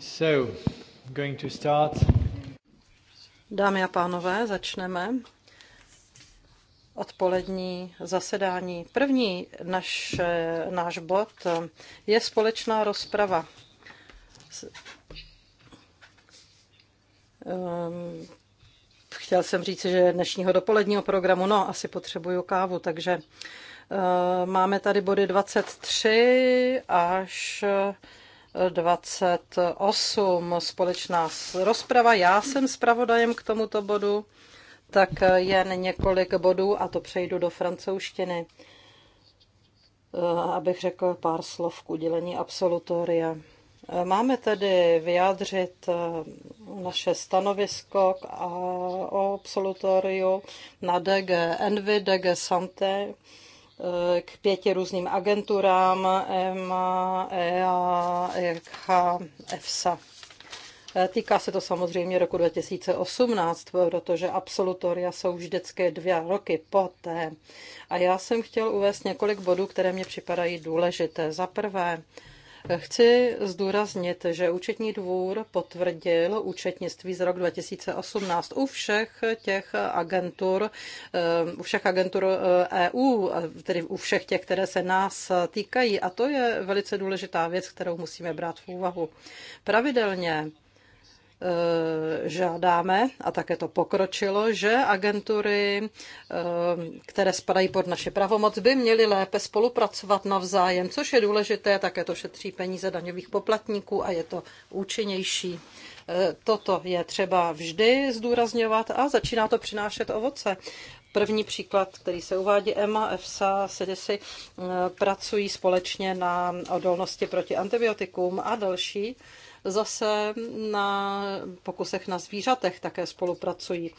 So, going to start. Dámy a pánové, začneme odpolední zasedání. První naš, náš bod je společná rozprava. Ehm, chtěl jsem říct, že dnešního dopoledního programu, no, asi potřebuju kávu, takže Eh, máme tady body 23 až 28 eh, společná rozprava. Já jsem zpravodajem k tomuto bodu, tak eh, jen několik bodů a to přejdu do francouzštiny, abych řekl pár slov k udělení absolutoria. Máme tedy vyjádřit naše stanovisko k absolutoriu na DG Envy, DG Santé, Eh, k pěti různým agenturám EMA, EA, EK, EFSA. Eh, týká se to samozřejmě roku 2018, protože absolutoria jsou vždycky dvě roky poté. A já jsem chtěl uvést několik bodů, které mě připadají důležité. Za prvé, Chci zdůraznit, že účetní dvůr potvrdil účetnictví z rok 2018 u všech těch agentur, eh, u všech agentur EU, eh, e tedy u všech těch, které se nás týkají. A to je velice důležitá věc, kterou musíme brát v úvahu. Pravidelně Eh, žádáme, a také to pokročilo, že agentury, eh, které spadají pod naše pravomoc, by měly lépe spolupracovat navzájem, což je důležité, také to šetří peníze daňových poplatníků a je to účinnější. Eh, toto je třeba vždy zdůrazňovat a začíná to přinášet ovoce. První příklad, který se uvádí EMA, EFSA, SEDESy, pracují společně na odolnosti proti antibiotikům a další zase na pokusech na zvířatech také spolupracují.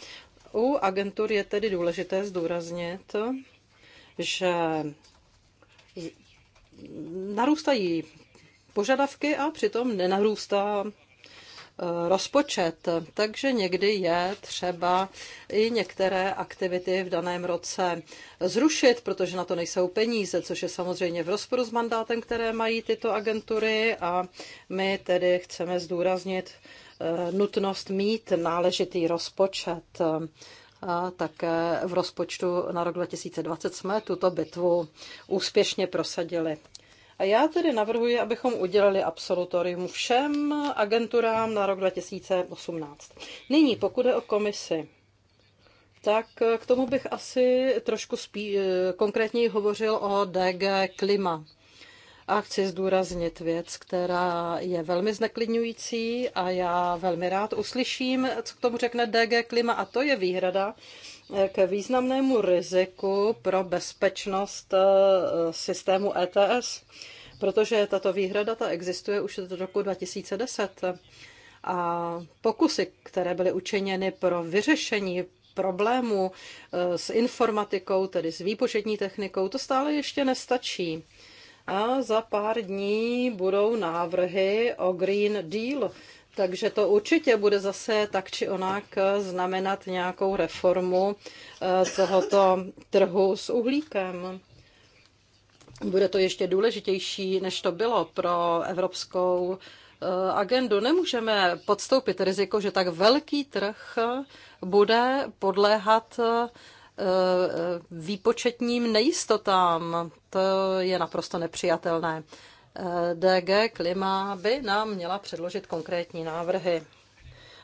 U agentur je tedy důležité zdůraznit, že narůstají požadavky a přitom nenarůstá Eh, rozpočet, takže někdy je třeba i některé aktivity v daném roce zrušit, protože na to nejsou peníze, což je samozřejmě v rozporu s mandátem, které mají tyto agentury a my tedy chceme zdůraznit eh, nutnost mít náležitý rozpočet. A také v rozpočtu na rok 2020 jsme tuto bitvu úspěšně prosadili. A já tedy navrhuji, abychom udělali absolutorium všem agenturám na rok 2018. Nyní, pokud je o komisi, tak k tomu bych asi trošku spí, eh, konkrétněji hovořil o DG Klima. A chci zdůraznit věc, která je velmi zneklidňující a já velmi rád uslyším, co k tomu řekne DG Klima, a to je výhrada, Eh, k významnému riziku pro bezpečnost eh, systému ETS, protože tato výhrada ta existuje už od roku 2010. A pokusy, které byly učiněny pro vyřešení problému eh, s informatikou, tedy s výpočetní technikou, to stále ještě nestačí. A za pár dní budou návrhy o Green Deal, takže to určitě bude zase tak či onak znamenat nějakou reformu eh, tohoto trhu s uhlíkem. Bude to ještě důležitější, než to bylo pro evropskou eh, agendu. Nemůžeme podstoupit riziko, že tak velký trh bude podléhat eh, výpočetním nejistotám. To je naprosto nepřijatelné. Eh, DG Klima by nám měla předložit konkrétní návrhy.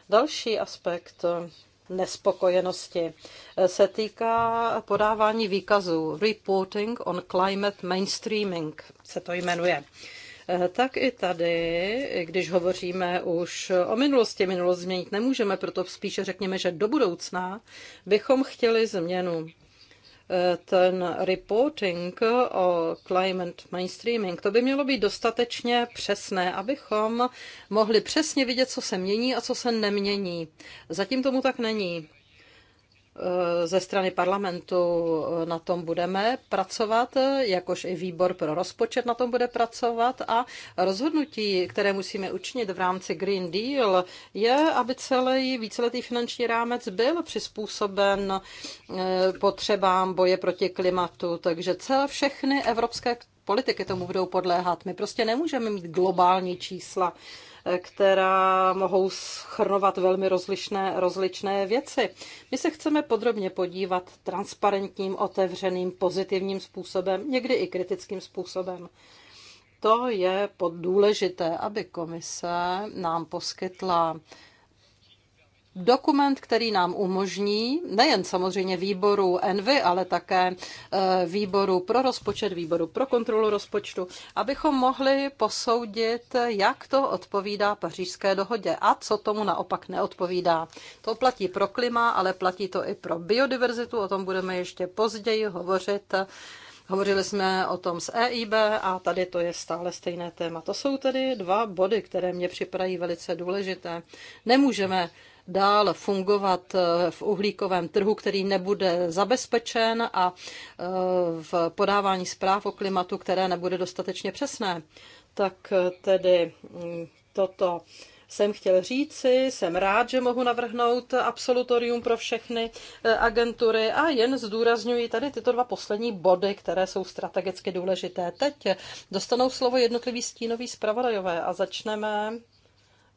Další aspekt eh, nespokojenosti eh, se týká podávání výkazů Reporting on Climate Mainstreaming se to jmenuje. Tak i tady, když hovoříme už o minulosti, minulost změnit nemůžeme, proto spíše řekněme, že do budoucna bychom chtěli změnu ten reporting o climate mainstreaming, to by mělo být dostatečně přesné, abychom mohli přesně vidět, co se mění a co se nemění. Zatím tomu tak není. Eh, ze strany parlamentu eh, na tom budeme pracovat, jakož i výbor pro rozpočet na tom bude pracovat a rozhodnutí, které musíme učinit v rámci Green Deal, je, aby celý víceletý finanční rámec byl přizpůsoben eh, potřebám boje proti klimatu. Takže celé všechny evropské politiky tomu budou podléhat. My prostě nemůžeme mít globální čísla, eh, která mohou schrnovat velmi rozlišné, rozličné věci. My se chceme podrobně podívat transparentním, otevřeným, pozitivním způsobem, někdy i kritickým způsobem. To je pod důležité, aby komise nám poskytla dokument, který nám umožní nejen samozřejmě výboru Envy, ale také eh, výboru pro rozpočet, výboru pro kontrolu rozpočtu, abychom mohli posoudit, jak to odpovídá pařížské dohodě a co tomu naopak neodpovídá. To platí pro klima, ale platí to i pro biodiverzitu, o tom budeme ještě později hovořit. Hovořili jsme o tom s EIB a tady to je stále stejné téma. To jsou tedy dva body, které mě připadají velice důležité. Nemůžeme dál fungovat eh, v uhlíkovém trhu, který nebude zabezpečen a eh, v podávání zpráv o klimatu, které nebude dostatečně přesné. Tak eh, tedy mm, toto jsem chtěl říci, jsem rád, že mohu navrhnout absolutorium pro všechny agentury a jen zdůrazňuji tady tyto dva poslední body, které jsou strategicky důležité. Teď dostanou slovo jednotliví stínoví zpravodajové a začneme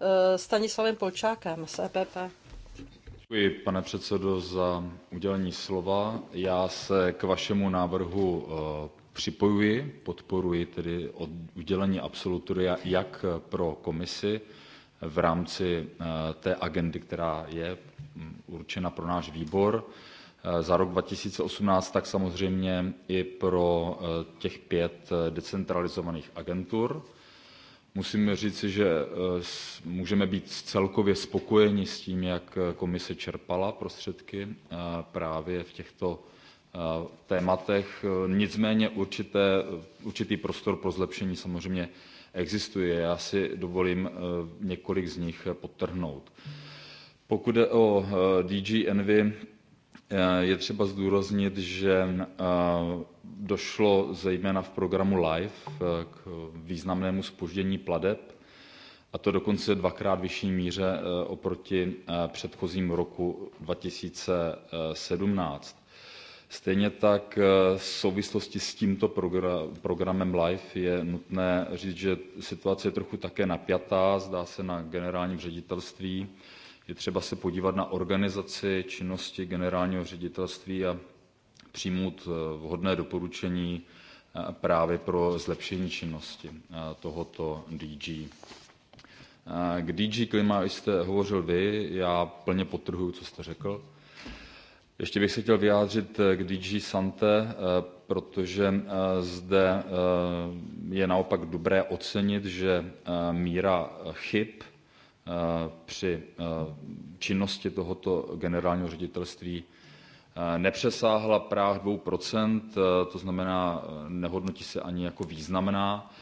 Eh, Stanislavem Polčákem z EPP. Děkuji, pane předsedo, za udělení slova. Já se k vašemu návrhu eh, připojuji, podporuji tedy udělení absolutoria jak pro komisi v rámci eh, té agendy, která je mm, určena pro náš výbor za rok 2018, tak samozřejmě i pro těch pět decentralizovaných agentur musím říci že eh, můžeme být celkově spokojeni s tím jak eh, komise čerpala prostředky eh, právě v těchto tématech nicméně určitý prostor pro zlepšení samozřejmě existuje já si dovolím několik z nich podtrhnout. pokud jde o dg envi je třeba zdůraznit že došlo zejména v programu life eh, k významnému zpoždění plateb a to dokonce dvakrát vyšší míře eh, oproti eh, předchozímu roku. two thousand and seventeen stejně tak v souvislosti s tímto programem life je nutné říct že situace je trochu také napjatá zdá se na generálním ředitelství je třeba se podívat na organizaci činnosti generálního ředitelství a přijmout eh, vhodné doporučení eh, právě pro zlepšení činnosti eh, tohoto dg. K DG Klima jste hovořil vy, já plně podtrhuji, co jste řekl. Ještě bych se chtěl vyjádřit k DG Sante, protože zde je naopak dobré ocenit, že míra chyb při činnosti tohoto generálního ředitelství Eh, nepřesáhla práh 2%, eh, to znamená, eh, nehodnotí se ani jako významná.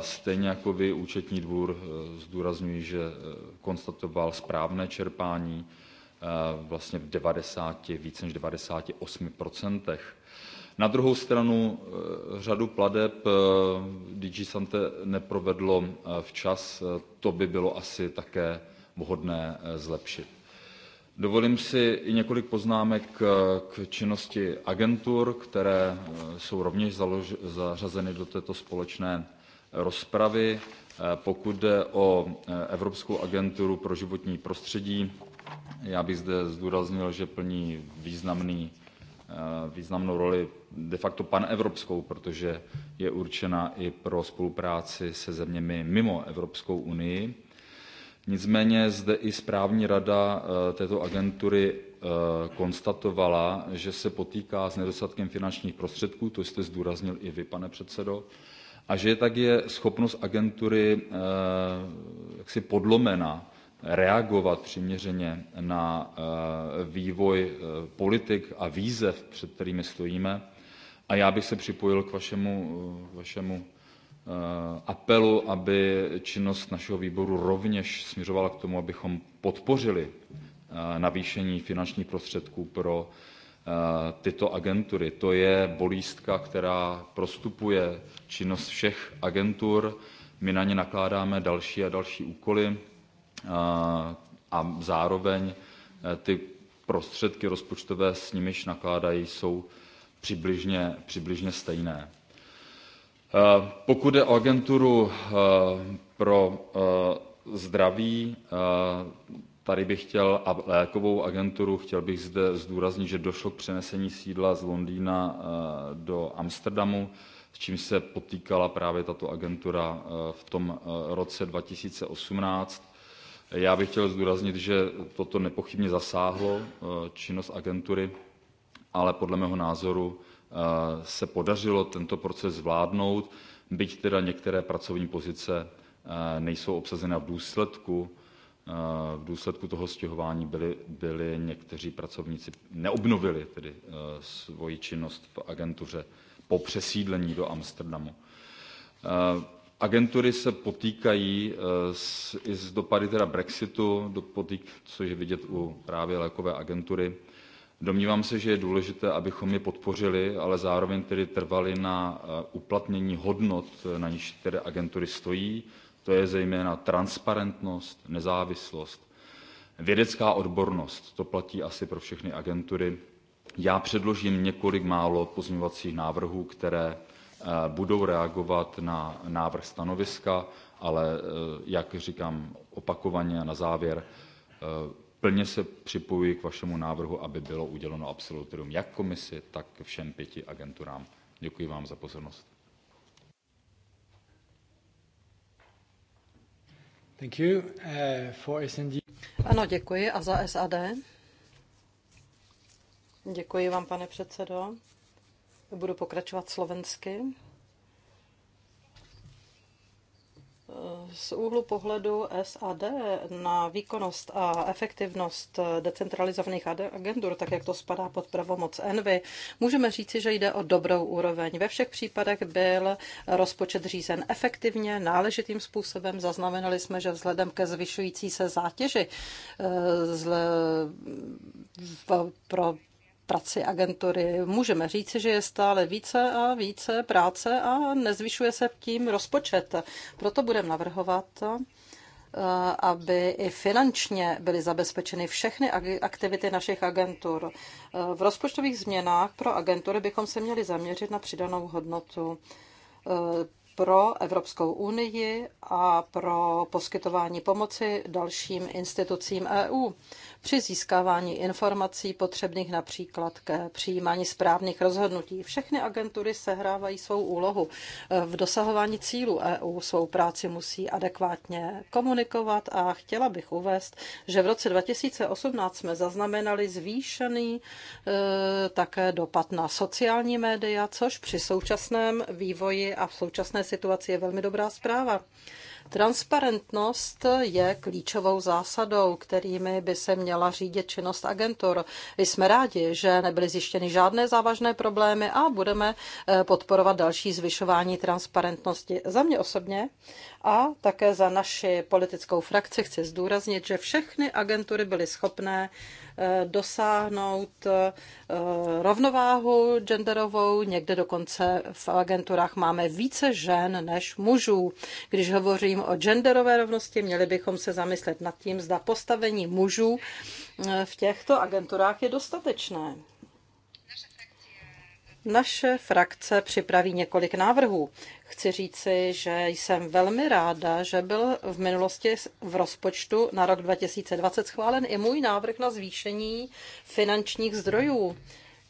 Stejně jako vy, účetní dvůr zdůrazňuji, že konstatoval správné čerpání vlastně v 90, více než 98%. Na druhou stranu řadu plateb DG Sante neprovedlo včas, to by bylo asi také vhodné zlepšit dovolím si i několik poznámek eh, k činnosti agentur které eh, jsou rovněž zařazeny do této společné rozpravy. Eh, pokud jde o evropskou agenturu pro životní prostředí já bych zde zdůraznil že plní významný významnou roli de facto panevropskou protože je určena i pro spolupráci se zeměmi mimo evropskou unii nicméně zde i správní rada eh, této agentury eh, konstatovala že se potýká s nedostatkem finančních prostředků to jste zdůraznil i vy pane předsedo a že tak je schopnost agentury eh, jaksi podlomena reagovat přiměřeně na vývoj politik a výzev před kterými stojíme a já bych se připojil k vašemu Eh, apelu, aby činnost našeho výboru rovněž směřovala k tomu, abychom podpořili eh, navýšení finančních prostředků pro eh, tyto agentury. To je bolístka, která prostupuje činnost všech agentur. My na ně nakládáme další a další úkoly a zároveň ty prostředky rozpočtové, s nimiž nakládají, jsou přibližně, přibližně stejné Eh, pokud jde o agenturu eh, pro eh, zdraví tady bych chtěl a lékovou agenturu chtěl bych zde zdůraznit že došlo k přenesení sídla z londýna do amsterdamu s čímž se potýkala právě tato agentura v tom roce. two thousand and eighteen já bych chtěl zdůraznit že toto nepochybně zasáhlo činnost agentury ale podle mého názoru Eh, se podařilo tento proces zvládnout byť teda některé pracovní pozice eh, nejsou obsazeny a v důsledku eh, v důsledku toho stěhování byli, byli někteří pracovníci neobnovili tedy svoji činnost v agentuře po přesídlení do Amsterdamu. Agentury se potýkají s, i s dopady teda Brexitu, dopotýk, což je vidět u právě lékové agentury, domnívám se že je důležité abychom je podpořili ale zároveň tedy trvali na eh, uplatnění hodnot eh, na nichž agentury stojí to je zejména transparentnost nezávislost vědecká odbornost to platí asi pro všechny agentury. já předložím několik málo pozměňovacích návrhů které eh, budou reagovat na návrh stanoviska ale jak říkám opakovaně a na závěr plně se připojuji k vašemu návrhu aby bylo uděleno absolutorium jak komisi tak všem pěti agenturám. děkuji vám za pozornost. Thank you. Uh, for SND. Ano, děkuji. A za SAD? Děkuji vám, pane předsedo. Budu pokračovat slovensky. z úhlu pohledu SAD na výkonnost a efektivnost decentralizovaných agentur, tak jak to spadá pod pravomoc Envy, můžeme říci, že jde o dobrou úroveň. Ve všech případech byl rozpočet řízen efektivně, náležitým způsobem. Zaznamenali jsme, že vzhledem ke zvyšující se zátěži eh, pro práci agentury. Můžeme říci, že je stále více a více práce a nezvyšuje se tím rozpočet. Proto budeme navrhovat, eh, aby i finančně byly zabezpečeny všechny aktivity našich agentur. Eh, v rozpočtových změnách pro agentury bychom se měli zaměřit na přidanou hodnotu eh, pro Evropskou unii a pro poskytování pomoci dalším institucím EU při získávání informací potřebných například k přijímání správných rozhodnutí. Všechny agentury sehrávají svou úlohu v dosahování cílů EU. Svou práci musí adekvátně komunikovat a chtěla bych uvést, že v roce 2018 jsme zaznamenali zvýšený e, také dopad na sociální média, což při současném vývoji a v současné situaci je velmi dobrá zpráva. Transparentnost je klíčovou zásadou, kterými by se měla řídit činnost agentur. Jsme rádi, že nebyly zjištěny žádné závažné problémy a budeme eh, podporovat další zvyšování transparentnosti. Za mě osobně a také za naši politickou frakci chci zdůraznit, že všechny agentury byly schopné eh, dosáhnout eh, rovnováhu genderovou. Někde dokonce v agenturách máme více žen než mužů. Když hovořím o genderové rovnosti, měli bychom se zamyslet nad tím, zda postavení mužů eh, v těchto agenturách je dostatečné. Naše frakce připraví několik návrhů, chci říci, že jsem velmi ráda, že byl v minulosti v rozpočtu na rok 2020 schválen i můj návrh na zvýšení finančních zdrojů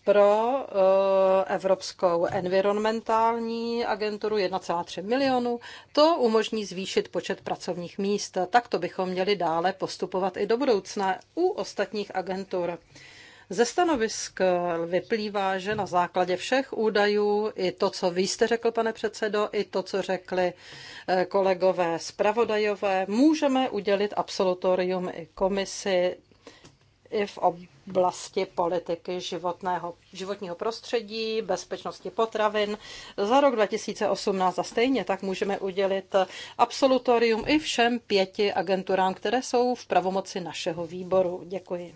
pro eh, Evropskou environmentální agenturu 1,3 milionu. To umožní zvýšit počet pracovních míst. Takto bychom měli dále postupovat i do budoucna u ostatních agentur. Ze stanovisk vyplývá, že na základě všech údajů, i to, co vy jste řekl, pane předsedo, i to, co řekli eh, kolegové zpravodajové, můžeme udělit absolutorium i komisi i v oblasti politiky životného, životního prostředí, bezpečnosti potravin. Za rok 2018 a stejně tak můžeme udělit absolutorium i všem pěti agenturám, které jsou v pravomoci našeho výboru. Děkuji.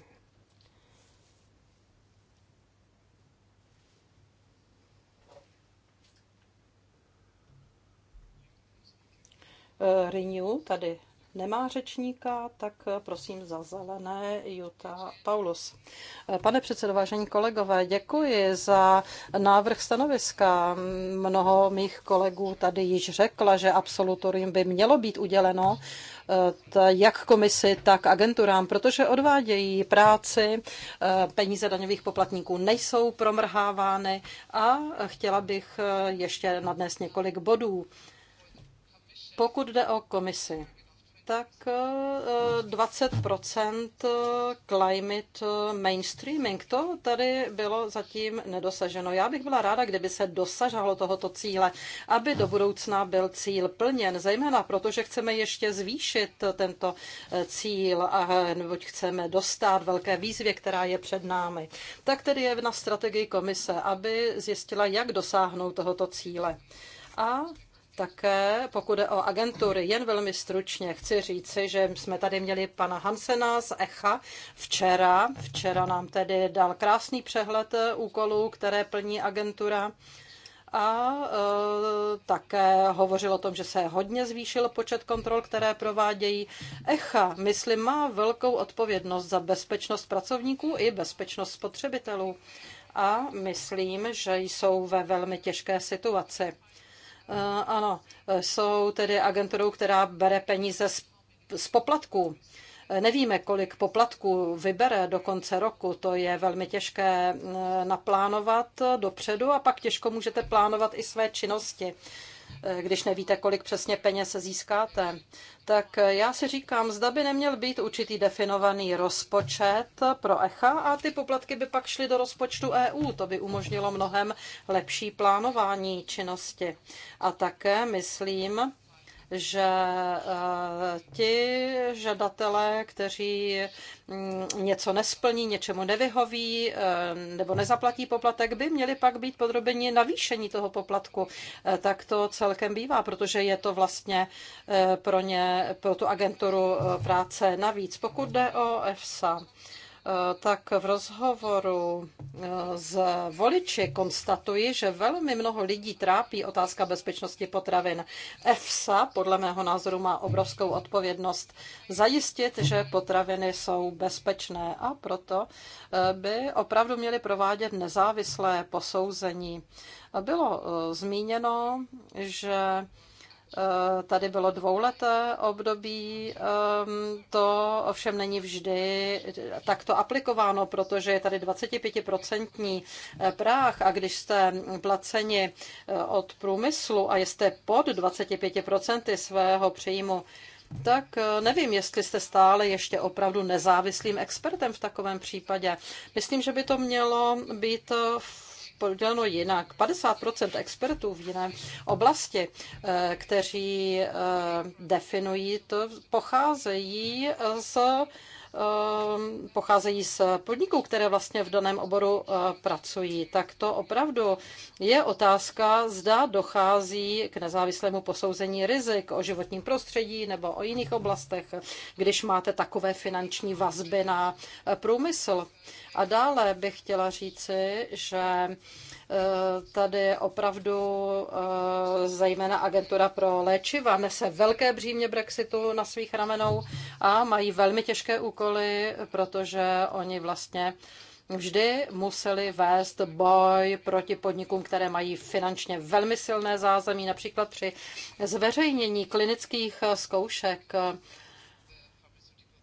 Eh, Renew tady nemá řečníka, tak prosím za zelené Juta Paulus. Eh, Pane předsedo, vážení kolegové, děkuji za návrh stanoviska. Mnoho mých kolegů tady již řekla, že absolutorium by mělo být uděleno eh, jak komisi, tak agenturám, protože odvádějí práci, peníze daňových poplatníků nejsou promrhávány a chtěla bych ještě nadnést několik bodů. Pokud jde o komisi, tak 20 eh, eh, climate eh, mainstreaming, to tady bylo zatím nedosaženo. Já bych byla ráda, kdyby se dosažalo tohoto cíle, aby do budoucna byl cíl plněn, zejména protože chceme ještě zvýšit tento cíl a neboť chceme dostat velké výzvě, která je před námi. Tak tedy je na strategii komise, aby zjistila, jak dosáhnout tohoto cíle. A také pokud je o agentury, jen velmi stručně chci říci, že jsme tady měli pana Hansena z ECHA včera. Včera nám tedy dal krásný přehled úkolů, které plní agentura a e, také hovořil o tom, že se hodně zvýšil počet kontrol, které provádějí. ECHA, myslím, má velkou odpovědnost za bezpečnost pracovníků i bezpečnost spotřebitelů a myslím, že jsou ve velmi těžké situaci. Eh, ano, jsou tedy agenturou, která bere peníze z, z poplatků. Eh, nevíme, kolik poplatků vybere do konce roku, to je velmi těžké eh, naplánovat dopředu a pak těžko můžete plánovat i své činnosti. Eh, když nevíte, kolik přesně peněz získáte. Tak eh, já si říkám, zda by neměl být určitý definovaný rozpočet pro ECHA a ty poplatky by pak šly do rozpočtu EU. To by umožnilo mnohem lepší plánování činnosti. A také myslím, že eh, ti žadatelé, kteří mm, něco nesplní, něčemu nevyhoví eh, nebo nezaplatí poplatek, by měli pak být podrobeni navýšení toho poplatku. Eh, tak to celkem bývá, protože je to vlastně pro ně, pro tu agenturu práce navíc. Pokud jde o EFSA, Eh, tak v rozhovoru eh, s voliči konstatuji, že velmi mnoho lidí trápí otázka bezpečnosti potravin. EFSA podle mého názoru má obrovskou odpovědnost zajistit, že potraviny jsou bezpečné a proto eh, by opravdu měly provádět nezávislé posouzení. Bylo zmíněno, že Eh, tady bylo dvouleté období, ehm, to ovšem není vždy takto aplikováno, protože je tady 25% eh, práh a když jste placeni eh, od průmyslu a jste pod 25% svého příjmu, tak nevím, jestli jste stále ještě opravdu nezávislým expertem v takovém případě. Myslím, že by to mělo být v poděleno jinak. 50% expertů v jiné oblasti, eh, kteří eh, definují to, pocházejí z eh, pocházejí z podniků, které vlastně v daném oboru pracují. Tak to opravdu je otázka, zda dochází k nezávislému posouzení rizik o životním prostředí nebo o jiných oblastech, když máte takové finanční vazby na průmysl. A dále bych chtěla říci, že eh, tady opravdu eh, zejména agentura pro léčiva nese velké břímě Brexitu na svých ramenou a mají velmi těžké úkoly, protože oni vlastně vždy museli vést boj proti podnikům, které mají finančně velmi silné zázemí, například při zveřejnění klinických eh, zkoušek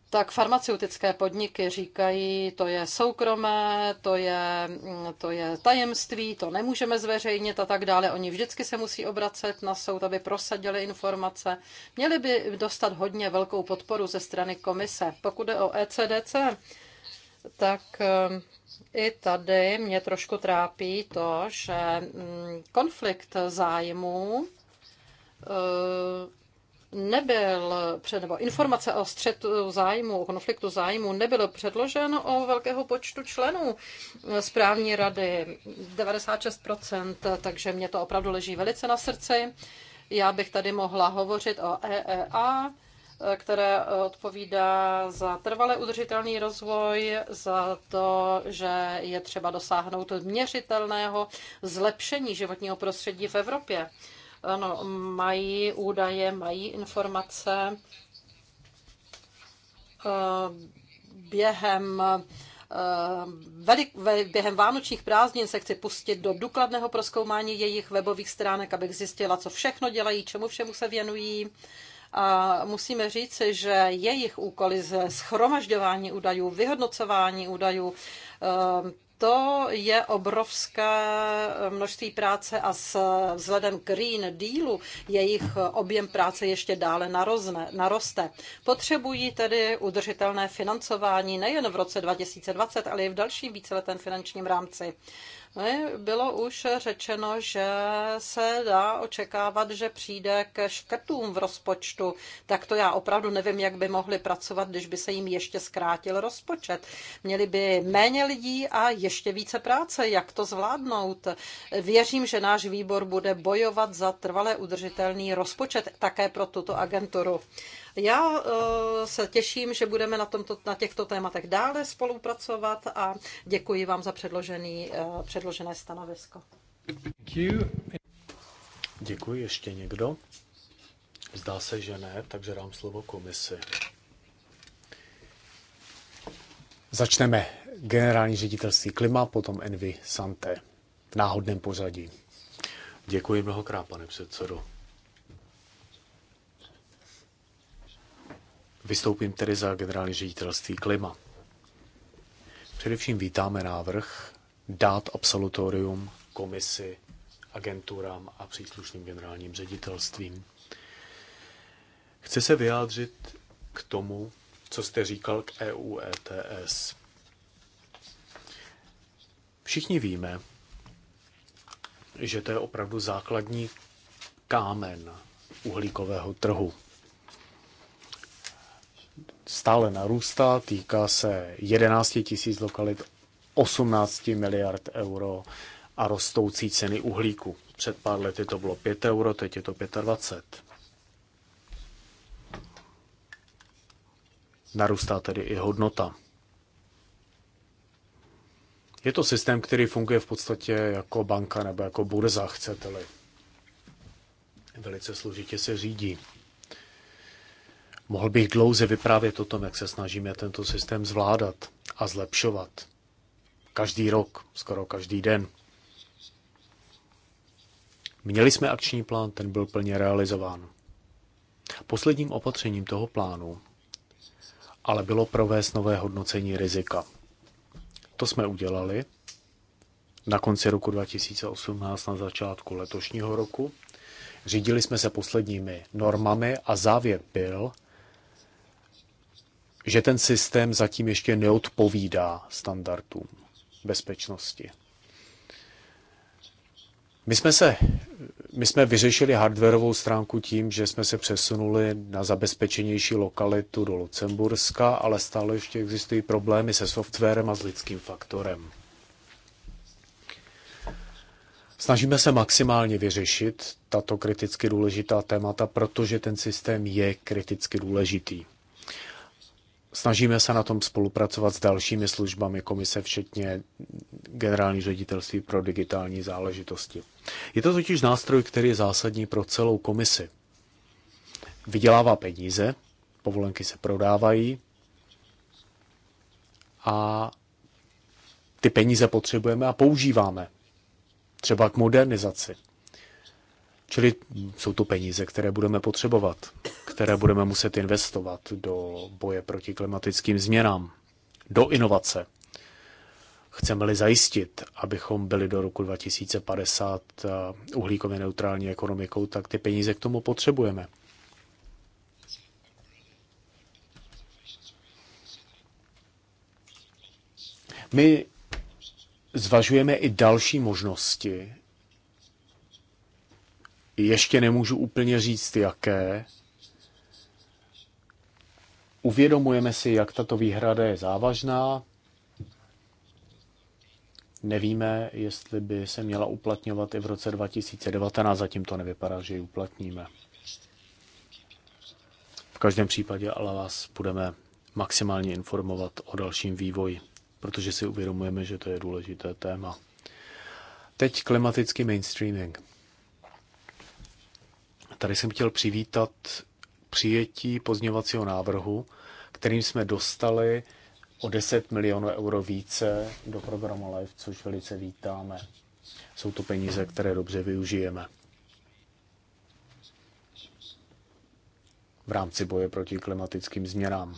tak farmaceutické podniky říkají, to je soukromé, to je, mm, to je tajemství, to nemůžeme zveřejnit a tak dále. Oni vždycky se musí obracet na soud, aby prosadili informace. Měli by dostat hodně velkou podporu ze strany komise. Pokud je o ECDC, tak eh, i tady mě trošku trápí to, že mm, konflikt zájmů eh, nebyl, před, nebo informace o střetu zájmu, o konfliktu zájmu nebyl předložen o velkého počtu členů správní rady, 96%, takže mě to opravdu leží velice na srdci. Já bych tady mohla hovořit o EEA, které odpovídá za trvale udržitelný rozvoj, za to, že je třeba dosáhnout měřitelného zlepšení životního prostředí v Evropě. Ano, mají údaje, mají informace. Eh, během eh, velik, během vánočních prázdnin se chci pustit do důkladného proskoumání jejich webových stránek, abych zjistila, co všechno dělají, čemu všemu se věnují. A musíme říct, že jejich úkoly ze schromažďování údajů, vyhodnocování údajů, eh, to je obrovské množství práce a s vzhledem k Green Dealu jejich objem práce ještě dále narozne, naroste. Potřebují tedy udržitelné financování nejen v roce 2020, ale i v dalším víceletém finančním rámci. Bylo už řečeno, že se dá očekávat, že přijde ke škrtům v rozpočtu. Tak to já opravdu nevím, jak by mohli pracovat, když by se jim ještě zkrátil rozpočet. Měli by méně lidí a ještě více práce. Jak to zvládnout? Věřím, že náš výbor bude bojovat za trvalé udržitelný rozpočet také pro tuto agenturu. Já eh, se těším, že budeme na, tomto, na těchto tématech dále spolupracovat a děkuji vám za předložený, eh, předložené stanovisko. Děkuji. Ještě někdo? Zdá se, že ne, takže dám slovo komisi. Začneme generální ředitelství klima, potom Envy Santé. V náhodném pořadí. Děkuji mnohokrát, pane předsedo. Vystoupím tedy za generální ředitelství klima. Především vítáme návrh dát absolutorium komisi, agenturám a příslušným generálním ředitelstvím. Chci se vyjádřit k tomu, co jste říkal k EU ETS. Všichni víme, že to je opravdu základní kámen uhlíkového trhu stále narůstá, týká se 11 tisíc lokalit, 18 miliard euro a rostoucí ceny uhlíku. Před pár lety to bylo 5 euro, teď je to 25. Narůstá tedy i hodnota. Je to systém, který funguje v podstatě jako banka nebo jako burza, chcete-li. Velice složitě se řídí. Mohl bych dlouze vyprávět o tom, jak se snažíme tento systém zvládat a zlepšovat. Každý rok, skoro každý den. Měli jsme akční plán, ten byl plně realizován. Posledním opatřením toho plánu ale bylo provést nové hodnocení rizika. To jsme udělali na konci roku 2018, na začátku letošního roku. Řídili jsme se posledními normami a závěr byl, že ten systém zatím ještě neodpovídá standardům bezpečnosti. My jsme, se, my jsme vyřešili hardwareovou stránku tím, že jsme se přesunuli na zabezpečenější lokalitu do Lucemburska, ale stále ještě existují problémy se softwarem a s lidským faktorem. Snažíme se maximálně vyřešit tato kriticky důležitá témata, protože ten systém je kriticky důležitý. Snažíme se na tom spolupracovat s dalšími službami komise, včetně generální ředitelství pro digitální záležitosti. Je to totiž nástroj, který je zásadní pro celou komisi. Vydělává peníze, povolenky se prodávají a ty peníze potřebujeme a používáme. Třeba k modernizaci. Čili jsou to peníze, které budeme potřebovat které budeme muset investovat do boje proti klimatickým změnám, do inovace. Chceme-li zajistit, abychom byli do roku 2050 eh, uhlíkově neutrální ekonomikou, tak ty peníze k tomu potřebujeme. My zvažujeme i další možnosti. Ještě nemůžu úplně říct, jaké, Uvědomujeme si, jak tato výhrada je závažná. Nevíme, jestli by se měla uplatňovat i v roce 2019, zatím to nevypadá, že ji uplatníme. V každém případě ale vás budeme maximálně informovat o dalším vývoji, protože si uvědomujeme, že to je důležité téma. Teď klimatický mainstreaming. Tady jsem chtěl přivítat přijetí pozněvacího návrhu, kterým jsme dostali o 10 milionů euro více do programu LIFE, což velice vítáme. Jsou to peníze, které dobře využijeme. v rámci boje proti klimatickým změnám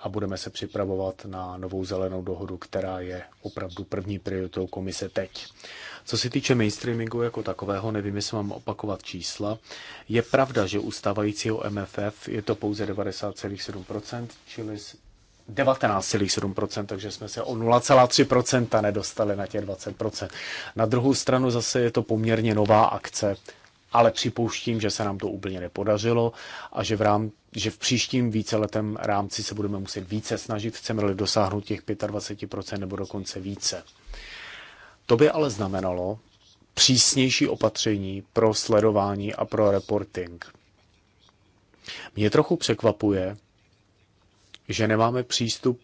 a budeme se připravovat na novou zelenou dohodu, která je opravdu první prioritou komise teď. Co se týče mainstreamingu jako takového, nevím, jestli mám opakovat čísla. Je pravda, že u stávajícího MFF je to pouze 90,7%, čili 19,7%, takže jsme se o 0,3% nedostali na těch 20%. Na druhou stranu zase je to poměrně nová akce ale připouštím, že se nám to úplně nepodařilo a že v, rám, že v příštím víceletém rámci se budeme muset více snažit, chceme-li dosáhnout těch 25% nebo dokonce více. To by ale znamenalo přísnější opatření pro sledování a pro reporting. Mě trochu překvapuje, že nemáme přístup,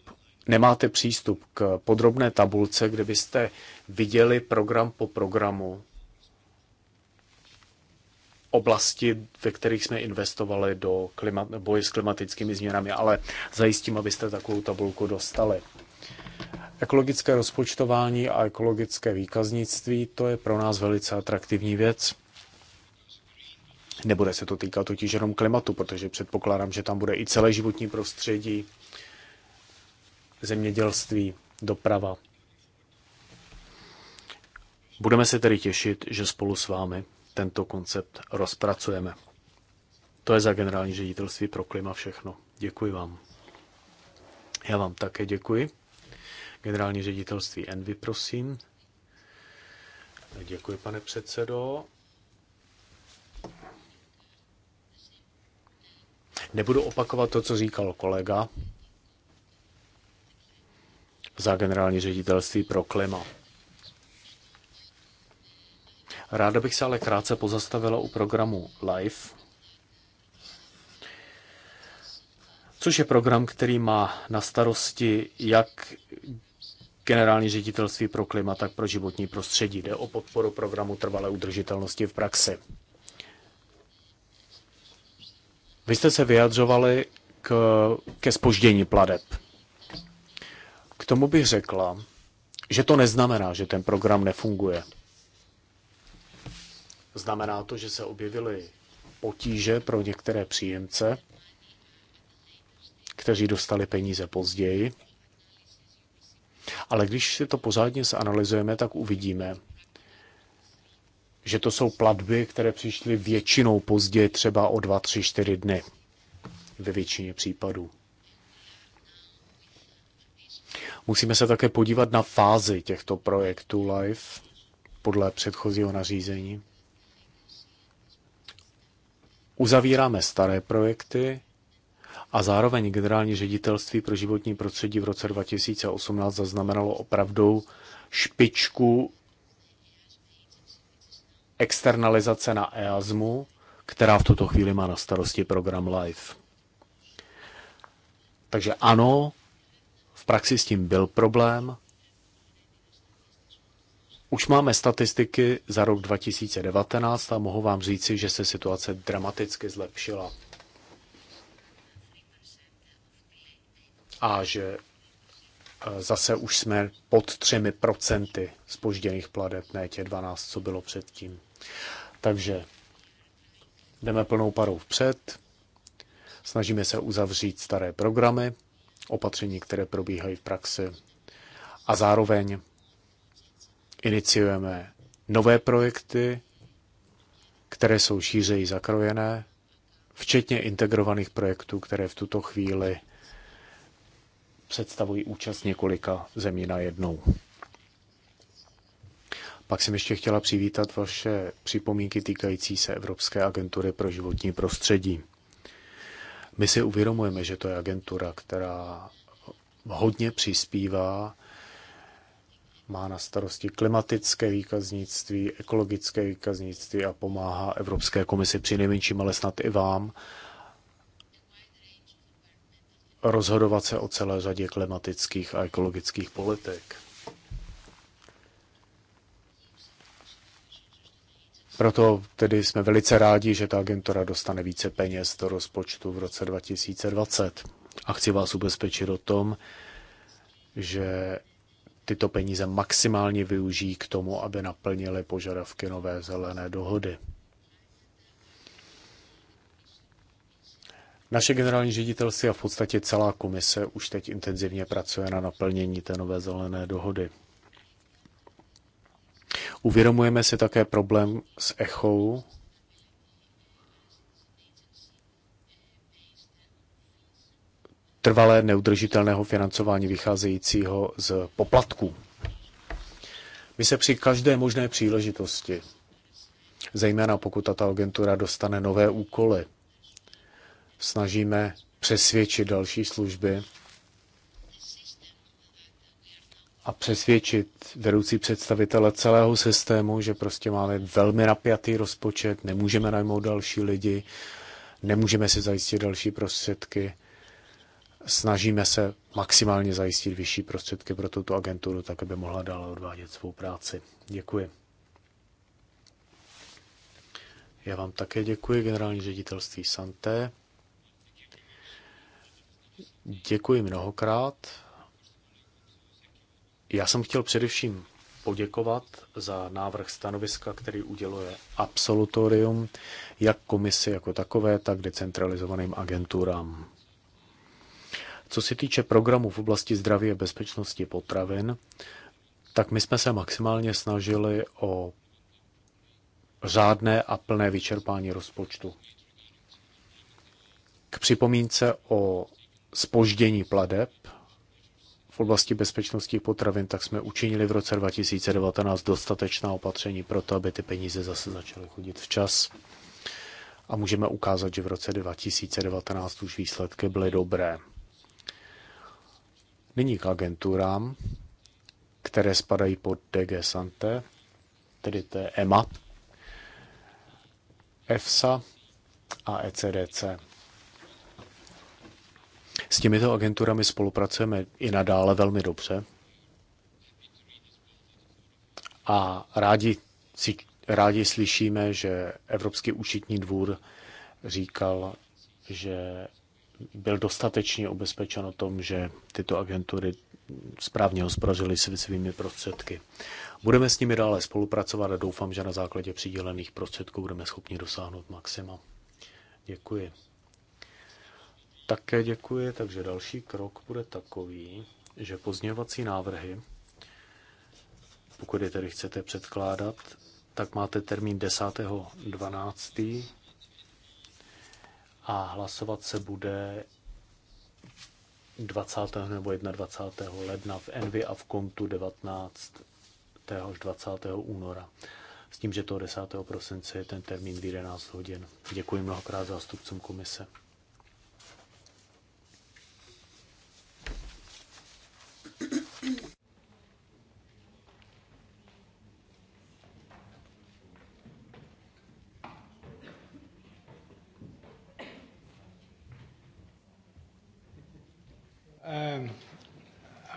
nemáte přístup k podrobné tabulce, kde byste viděli program po programu, oblasti, ve kterých jsme investovali do klimat, boje s klimatickými změnami, ale zajistím, abyste takovou tabulku dostali. Ekologické rozpočtování a ekologické výkaznictví, to je pro nás velice atraktivní věc. Nebude se to týkat totiž jenom klimatu, protože předpokládám, že tam bude i celé životní prostředí, zemědělství, doprava. Budeme se tedy těšit, že spolu s vámi tento koncept rozpracujeme. To je za generální ředitelství pro klima všechno. Děkuji vám. Já vám také děkuji. Generální ředitelství Envy, prosím. Děkuji, pane předsedo. Nebudu opakovat to, co říkal kolega za generální ředitelství pro klima. Ráda bych se ale krátce pozastavila u programu LIFE, což je program, který má na starosti jak generální ředitelství pro klima, tak pro životní prostředí. Jde o podporu programu trvalé udržitelnosti v praxi. Vy jste se vyjadřovali k, ke spoždění pladeb. K tomu bych řekla, že to neznamená, že ten program nefunguje. Znamená to, že se objevily potíže pro některé příjemce, kteří dostali peníze později. Ale když si to pořádně zanalizujeme, tak uvidíme, že to jsou platby, které přišly většinou později, třeba o 2, 3, 4 dny ve většině případů. Musíme se také podívat na fázi těchto projektů live podle předchozího nařízení. Uzavíráme staré projekty a zároveň generální ředitelství pro životní prostředí v roce 2018 zaznamenalo opravdu špičku externalizace na EASMu, která v tuto chvíli má na starosti program LIFE. Takže ano, v praxi s tím byl problém, už máme statistiky za rok 2019 a mohu vám říci, že se situace dramaticky zlepšila. A že e, zase už jsme pod 3% spožděných pladeb, ne tě 12, co bylo předtím. Takže jdeme plnou parou vpřed, snažíme se uzavřít staré programy, opatření, které probíhají v praxi a zároveň Iniciujeme nové projekty, které jsou šířeji zakrojené, včetně integrovaných projektů, které v tuto chvíli představují účast několika zemí na jednou. Pak jsem ještě chtěla přivítat vaše připomínky týkající se Evropské agentury pro životní prostředí. My si uvědomujeme, že to je agentura, která hodně přispívá má na starosti klimatické výkaznictví, ekologické výkaznictví a pomáhá Evropské komisi při nejmenším, ale snad i vám rozhodovat se o celé řadě klimatických a ekologických politik. Proto tedy jsme velice rádi, že ta agentura dostane více peněz do rozpočtu v roce 2020. A chci vás ubezpečit o tom, že tyto peníze maximálně využijí k tomu, aby naplnili požadavky nové zelené dohody. Naše generální ředitelství a v podstatě celá komise už teď intenzivně pracuje na naplnění té nové zelené dohody. Uvědomujeme si také problém s echou trvalé neudržitelného financování vycházejícího z poplatků. My se při každé možné příležitosti, zejména pokud tato agentura dostane nové úkoly, snažíme přesvědčit další služby a přesvědčit vedoucí představitele celého systému, že prostě máme velmi napjatý rozpočet, nemůžeme najmout další lidi, nemůžeme si zajistit další prostředky snažíme se maximálně zajistit vyšší prostředky pro tuto agenturu, tak aby mohla dále odvádět svou práci. Děkuji. Já vám také děkuji, generální ředitelství Santé. Děkuji mnohokrát. Já jsem chtěl především poděkovat za návrh stanoviska, který uděluje absolutorium jak komisi jako takové, tak decentralizovaným agenturám. Co se týče programu v oblasti zdraví a bezpečnosti potravin, tak my jsme se maximálně snažili o řádné a plné vyčerpání rozpočtu. K připomínce o spoždění pladeb v oblasti bezpečnosti potravin, tak jsme učinili v roce 2019 dostatečná opatření pro to, aby ty peníze zase začaly chodit včas. A můžeme ukázat, že v roce 2019 už výsledky byly dobré. Nyní k agenturám, které spadají pod DG Sante, tedy to je EMA, EFSA a ECDC. E S těmito agenturami spolupracujeme i nadále velmi dobře a rádi, si, rádi slyšíme, že Evropský účetní dvůr říkal, že byl dostatečně ubezpečen o tom, že tyto agentury správně hospodařily se svými prostředky. Budeme s nimi dále spolupracovat a doufám, že na základě přidělených prostředků budeme schopni dosáhnout maxima. Děkuji. Také děkuji, takže další krok bude takový, že pozněvací návrhy, pokud je tedy chcete předkládat, tak máte termín 10.12 a hlasovat se bude 20. nebo 21. ledna v Envy a v Kontu 19. až 20. února. S tím, že toho 10. prosince je ten termín v 11 hodin. Děkuji mnohokrát zástupcům komise.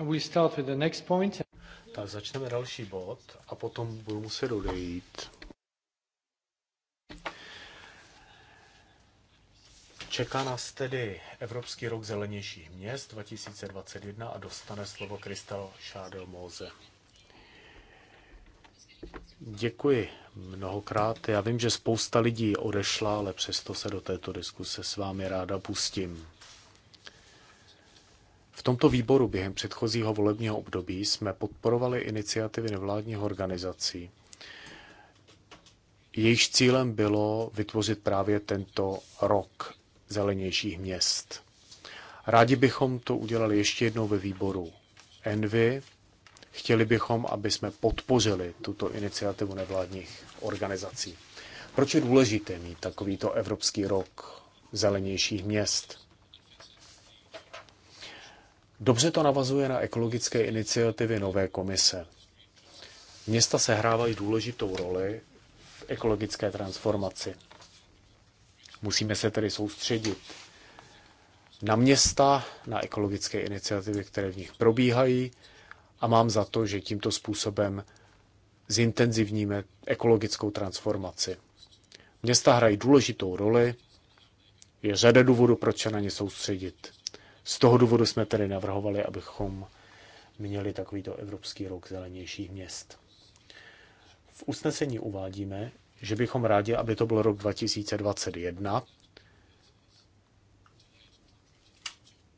we start with the next point. Tak začneme další bod a potom budu muset odejít. Čeká nás tedy Evropský rok zelenějších měst 2021 a dostane slovo Kristal Šádel Moze. Děkuji mnohokrát. Já vím, že spousta lidí odešla, ale přesto se do této diskuse s vámi ráda pustím. V tomto výboru během předchozího volebního období jsme podporovali iniciativy nevládních organizací. Jejíž cílem bylo vytvořit právě tento rok zelenějších měst. Rádi bychom to udělali ještě jednou ve výboru Envy. Chtěli bychom, aby jsme podpořili tuto iniciativu nevládních organizací. Proč je důležité mít takovýto Evropský rok zelenějších měst? Dobře to navazuje na ekologické iniciativy nové komise. Města sehrávají důležitou roli v ekologické transformaci. Musíme se tedy soustředit na města, na ekologické iniciativy, které v nich probíhají a mám za to, že tímto způsobem zintenzivníme ekologickou transformaci. Města hrají důležitou roli, je řada důvodů, proč se na ně soustředit. Z toho důvodu jsme tedy navrhovali, abychom měli takovýto Evropský rok zelenějších měst. V usnesení uvádíme, že bychom rádi, aby to byl rok 2021,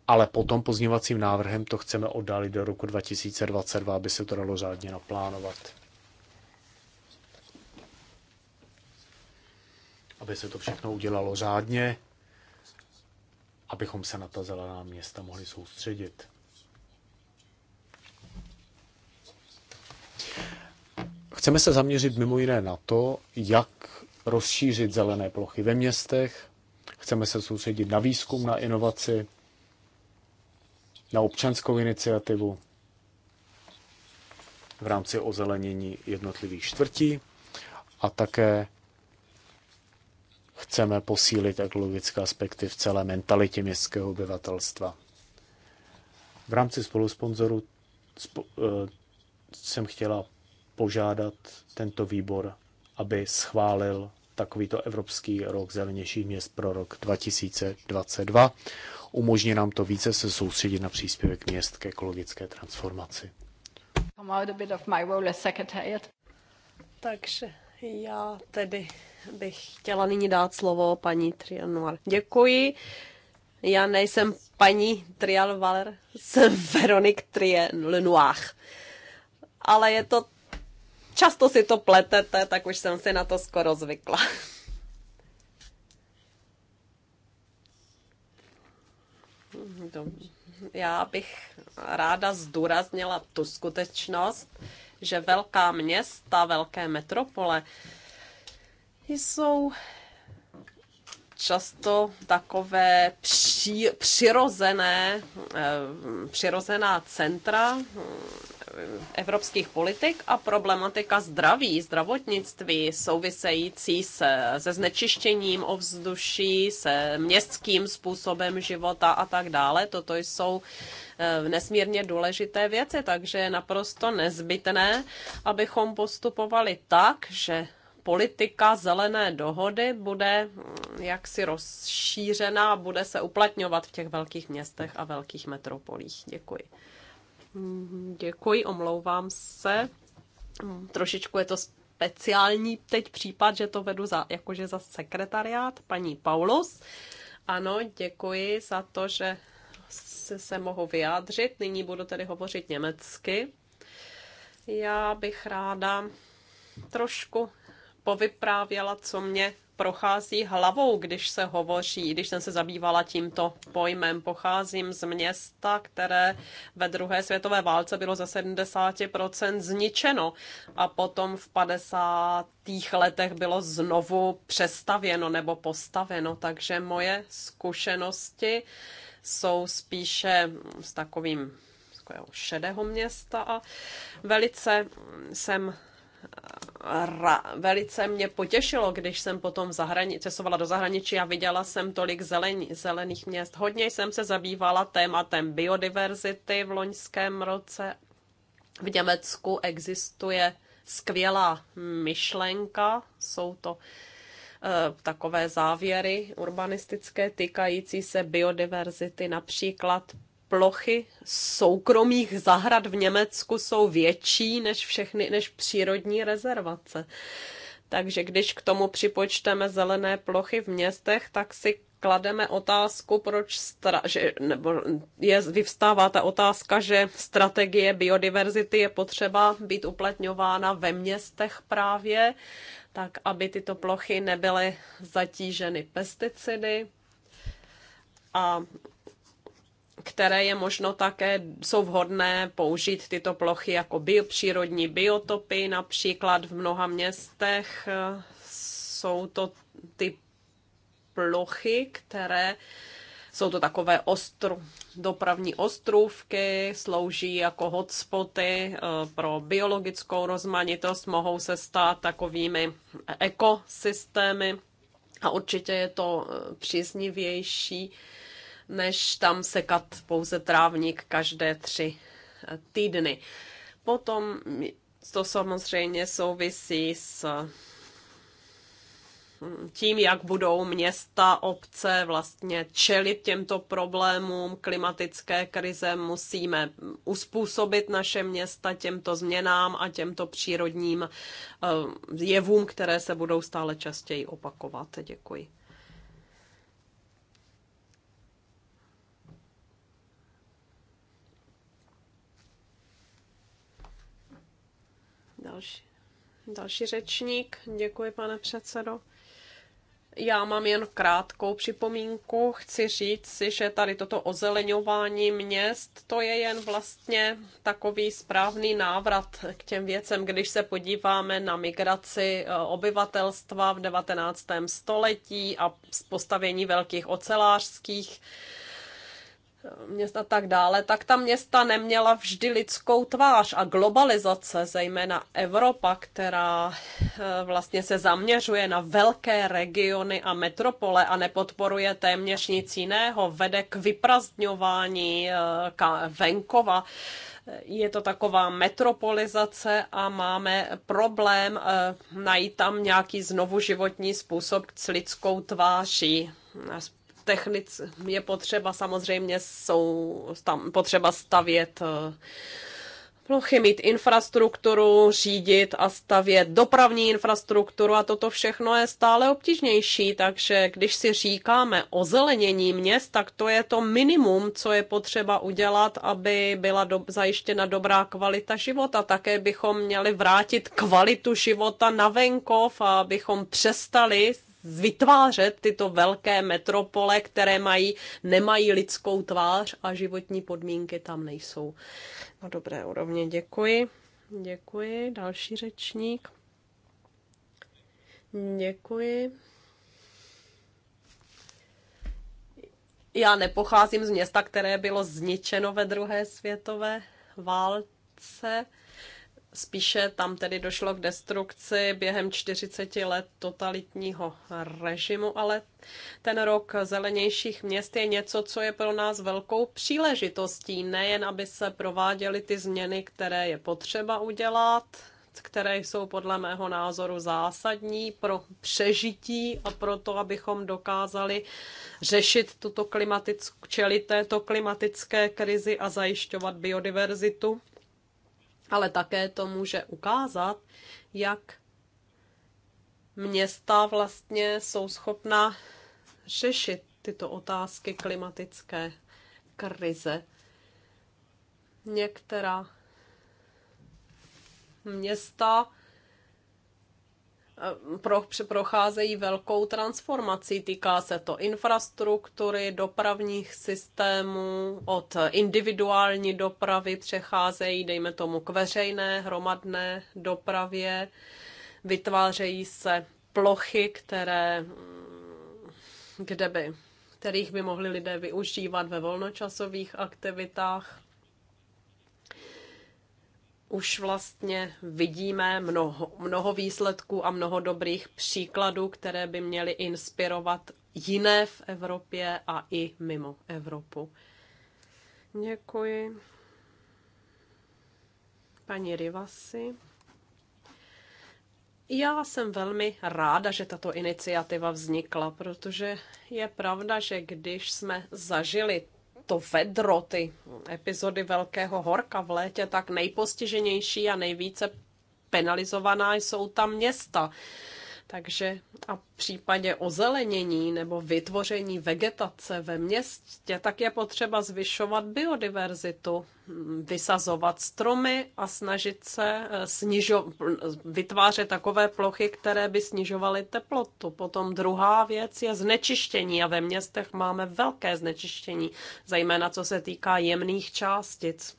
ale potom pozněvacím návrhem to chceme oddálit do roku 2022, aby se to dalo řádně naplánovat. Aby se to všechno udělalo řádně abychom se na ta zelená města mohli soustředit. Chceme se zaměřit mimo jiné na to, jak rozšířit zelené plochy ve městech, chceme se soustředit na výzkum, na inovaci, na občanskou iniciativu v rámci ozelenění jednotlivých čtvrtí a také Chceme posílit ekologické aspekty v celé mentalitě městského obyvatelstva. V rámci spolusponzoru spo, eh, jsem chtěla požádat tento výbor, aby schválil takovýto Evropský rok zelenějších měst pro rok 2022. Umožní nám to více se soustředit na příspěvek měst k ekologické transformaci. Takže já tedy bych chtěla nyní dát slovo paní Trianuar. Děkuji. Já nejsem paní Trial Valer, jsem Veronik Trianuar. Ale je to... Často si to pletete, tak už jsem si na to skoro zvykla. Já bych ráda zdůraznila tu skutečnost, že velká města, velké metropole, jsou často takové při, přirozené, eh, přirozená centra eh, evropských politik a problematika zdraví, zdravotnictví související se, se znečištěním ovzduší, se městským způsobem života a tak dále. Toto jsou eh, nesmírně důležité věci, takže je naprosto nezbytné, abychom postupovali tak, že politika zelené dohody bude mm, jaksi rozšířená a bude se uplatňovat v těch velkých městech a velkých metropolích. Děkuji. Mm, děkuji, omlouvám se. Mm, trošičku je to speciální teď případ, že to vedu za, jakože za sekretariát paní Paulus. Ano, děkuji za to, že se, se mohu vyjádřit. Nyní budu tedy hovořit německy. Já bych ráda trošku povyprávěla, co mě prochází hlavou, když se hovoří, když jsem se zabývala tímto pojmem. Pocházím z města, které ve druhé světové válce bylo za 70% zničeno a potom v 50. letech bylo znovu přestavěno nebo postaveno. Takže moje zkušenosti jsou spíše s takovým šedého města a velice jsem ra- velice mě potěšilo, když jsem potom zahrani- cestovala do zahraničí a viděla jsem tolik zelení, zelených měst. Hodně jsem se zabývala tématem biodiverzity v loňském roce. V Německu existuje skvělá myšlenka, jsou to eh, takové závěry urbanistické týkající se biodiverzity, například plochy soukromých zahrad v Německu jsou větší než všechny, než přírodní rezervace. Takže když k tomu připočteme zelené plochy v městech, tak si klademe otázku, proč stra- že, nebo je, vyvstává ta otázka, že strategie biodiverzity je potřeba být uplatňována ve městech právě, tak aby tyto plochy nebyly zatíženy pesticidy. A které je možno také, jsou vhodné použít tyto plochy jako bio, přírodní biotopy, například v mnoha městech eh, jsou to ty plochy, které jsou to takové ostru, dopravní ostrůvky, slouží jako hotspoty eh, pro biologickou rozmanitost, mohou se stát takovými ekosystémy a určitě je to eh, příznivější než tam sekat pouze trávník každé tři eh, týdny. Potom to samozřejmě souvisí s hm, tím, jak budou města, obce vlastně čelit těmto problémům klimatické krize, musíme uspůsobit naše města těmto změnám a těmto přírodním eh, jevům, které se budou stále častěji opakovat. Děkuji. Další, další řečník. Děkuji, pane předsedo. Já mám jen krátkou připomínku. Chci říct si, že tady toto ozeleňování měst, to je jen vlastně takový správný návrat k těm věcem, když se podíváme na migraci eh, obyvatelstva v 19. století a postavení velkých ocelářských měst a tak dále, tak ta města neměla vždy lidskou tvář a globalizace, zejména Evropa, která eh, vlastně se zaměřuje na velké regiony a metropole a nepodporuje téměř nic jiného, vede k vyprazdňování eh, venkova je to taková metropolizace a máme problém eh, najít tam nějaký životní způsob s lidskou tváří technic, je potřeba samozřejmě, jsou tam potřeba stavět eh, plochy, mít infrastrukturu, řídit a stavět dopravní infrastrukturu a toto všechno je stále obtížnější, takže když si říkáme o zelenění měst, tak to je to minimum, co je potřeba udělat, aby byla do, zajištěna dobrá kvalita života. Také bychom měli vrátit kvalitu života na venkov a abychom přestali vytvářet tyto velké metropole, které mají, nemají lidskou tvář a životní podmínky tam nejsou. Na dobré úrovně děkuji. Děkuji. Další řečník. Děkuji. Já nepocházím z města, které bylo zničeno ve druhé světové válce. Spíše tam tedy došlo k destrukci během 40 let totalitního režimu, ale ten rok zelenějších měst je něco, co je pro nás velkou příležitostí, nejen aby se prováděly ty změny, které je potřeba udělat, které jsou podle mého názoru zásadní pro přežití a pro to, abychom dokázali řešit tuto klimatickou, čelit této klimatické krizi a zajišťovat biodiverzitu ale také to může ukázat, jak města vlastně jsou schopna řešit tyto otázky klimatické krize. Některá města Eh, pro, procházejí velkou transformací. Týká se to infrastruktury, dopravních systémů, od individuální dopravy přecházejí, dejme tomu, k veřejné hromadné dopravě. Vytvářejí se plochy, které, kde by, kterých by mohli lidé využívat ve volnočasových aktivitách už vlastně vidíme mnoho, mnoho výsledků a mnoho dobrých příkladů, které by měly inspirovat jiné v Evropě a i mimo Evropu. Děkuji. Paní Rivasi. Já jsem velmi ráda, že tato iniciativa vznikla, protože je pravda, že když jsme zažili to vedro, ty epizody velkého horka v létě, tak nejpostiženější a nejvíce penalizovaná jsou ta města. Takže a v případě ozelenění nebo vytvoření vegetace ve městě, tak je potřeba zvyšovat biodiverzitu, vysazovat stromy a snažit se eh, snižo, vytvářet takové plochy, které by snižovaly teplotu. Potom druhá věc je znečištění a ve městech máme velké znečištění, zejména co se týká jemných částic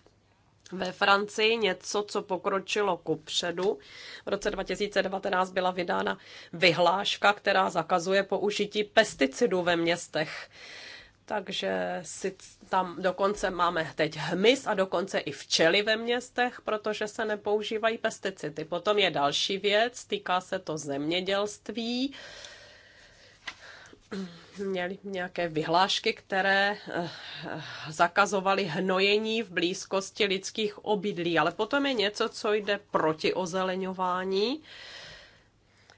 ve Francii něco, co pokročilo ku předu. V roce 2019 byla vydána vyhláška, která zakazuje použití pesticidů ve městech. Takže si tam dokonce máme teď hmyz a dokonce i včely ve městech, protože se nepoužívají pesticidy. Potom je další věc, týká se to zemědělství měli nějaké vyhlášky, které eh, zakazovaly hnojení v blízkosti lidských obydlí, ale potom je něco, co jde proti ozeleňování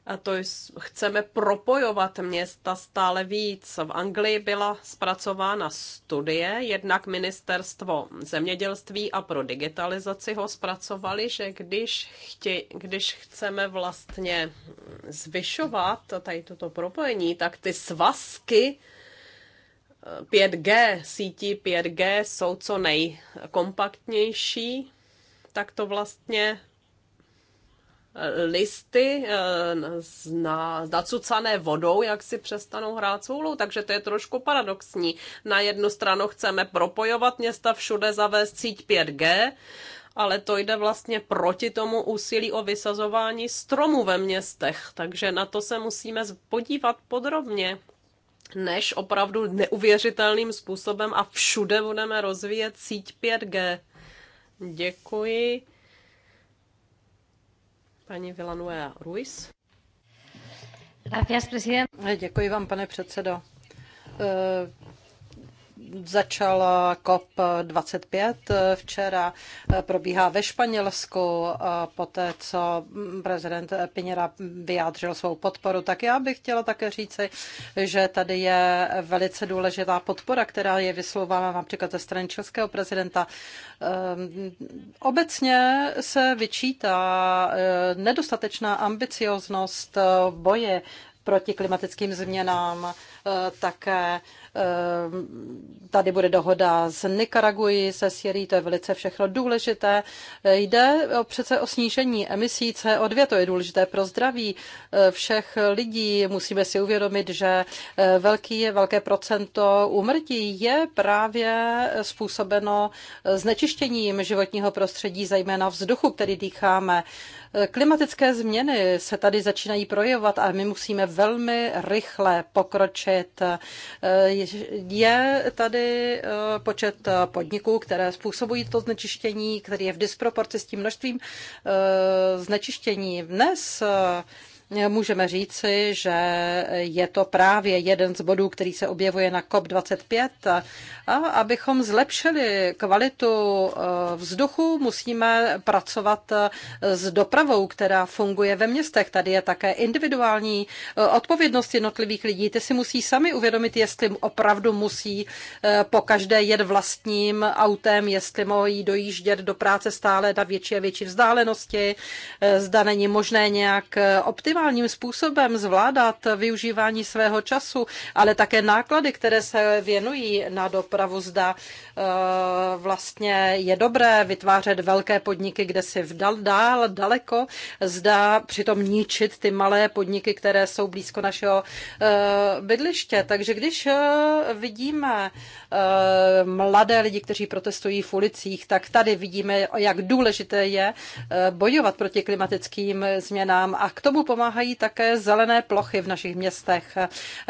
a to chceme propojovat města stále víc. V Anglii byla zpracována studie, jednak ministerstvo zemědělství a pro digitalizaci ho zpracovali, že když, chtě, když chceme vlastně zvyšovat tady toto propojení, tak ty svazky 5G, eh, sítí 5G jsou co nejkompaktnější, tak to vlastně listy eh, na, nacucané vodou, jak si přestanou hrát soulou, takže to je trošku paradoxní. Na jednu stranu chceme propojovat města všude, zavést síť 5G, ale to jde vlastně proti tomu úsilí o vysazování stromů ve městech, takže na to se musíme podívat podrobně než opravdu neuvěřitelným způsobem a všude budeme rozvíjet síť 5G. Děkuji paní Villanueva Ruiz. Děkuji vám, pane předsedo eh, začala COP25 eh, včera, eh, probíhá ve Španělsku, eh, poté co prezident Piněra vyjádřil svou podporu, tak já bych chtěla také říci, že tady je velice důležitá podpora, která je vyslovována například ze strany českého prezidenta. Obecně se vyčítá nedostatečná ambicioznost boje proti klimatickým změnám, také Ehm, tady bude dohoda s Nikaraguji, se Sierí, to je velice všechno důležité. Jde přece o snížení emisí CO2, to je důležité pro zdraví eh, všech lidí. Musíme si uvědomit, že eh, velký, velké procento úmrtí je právě způsobeno eh, znečištěním životního prostředí, zejména vzduchu, který dýcháme. Klimatické změny se tady začínají projevovat a my musíme velmi rychle pokročit. Je tady eh, počet eh, podniků, které způsobují to znečištění, který je v disproporci s tím množstvím eh, znečištění. Dnes můžeme říci, že je to právě jeden z bodů, který se objevuje na COP25. A abychom zlepšili kvalitu eh, vzduchu, musíme pracovat eh, s dopravou, která funguje ve městech. Tady je také individuální eh, odpovědnost jednotlivých lidí. Ty si musí sami uvědomit, jestli opravdu musí po každé jet vlastním autem, jestli mají dojíždět do práce stále na větší a větší vzdálenosti, zda není možné nějak optimálně optimálním způsobem zvládat využívání svého času, ale také náklady, které se věnují na dopravu, zda eh, vlastně je dobré vytvářet velké podniky, kde si vdal, dál, daleko, zda přitom ničit ty malé podniky, které jsou blízko našeho eh, bydliště. Takže když eh, vidíme mladé lidi, kteří protestují v ulicích, tak tady vidíme, jak důležité je bojovat proti klimatickým změnám a k tomu pomáhat pomáhají také zelené plochy v našich městech.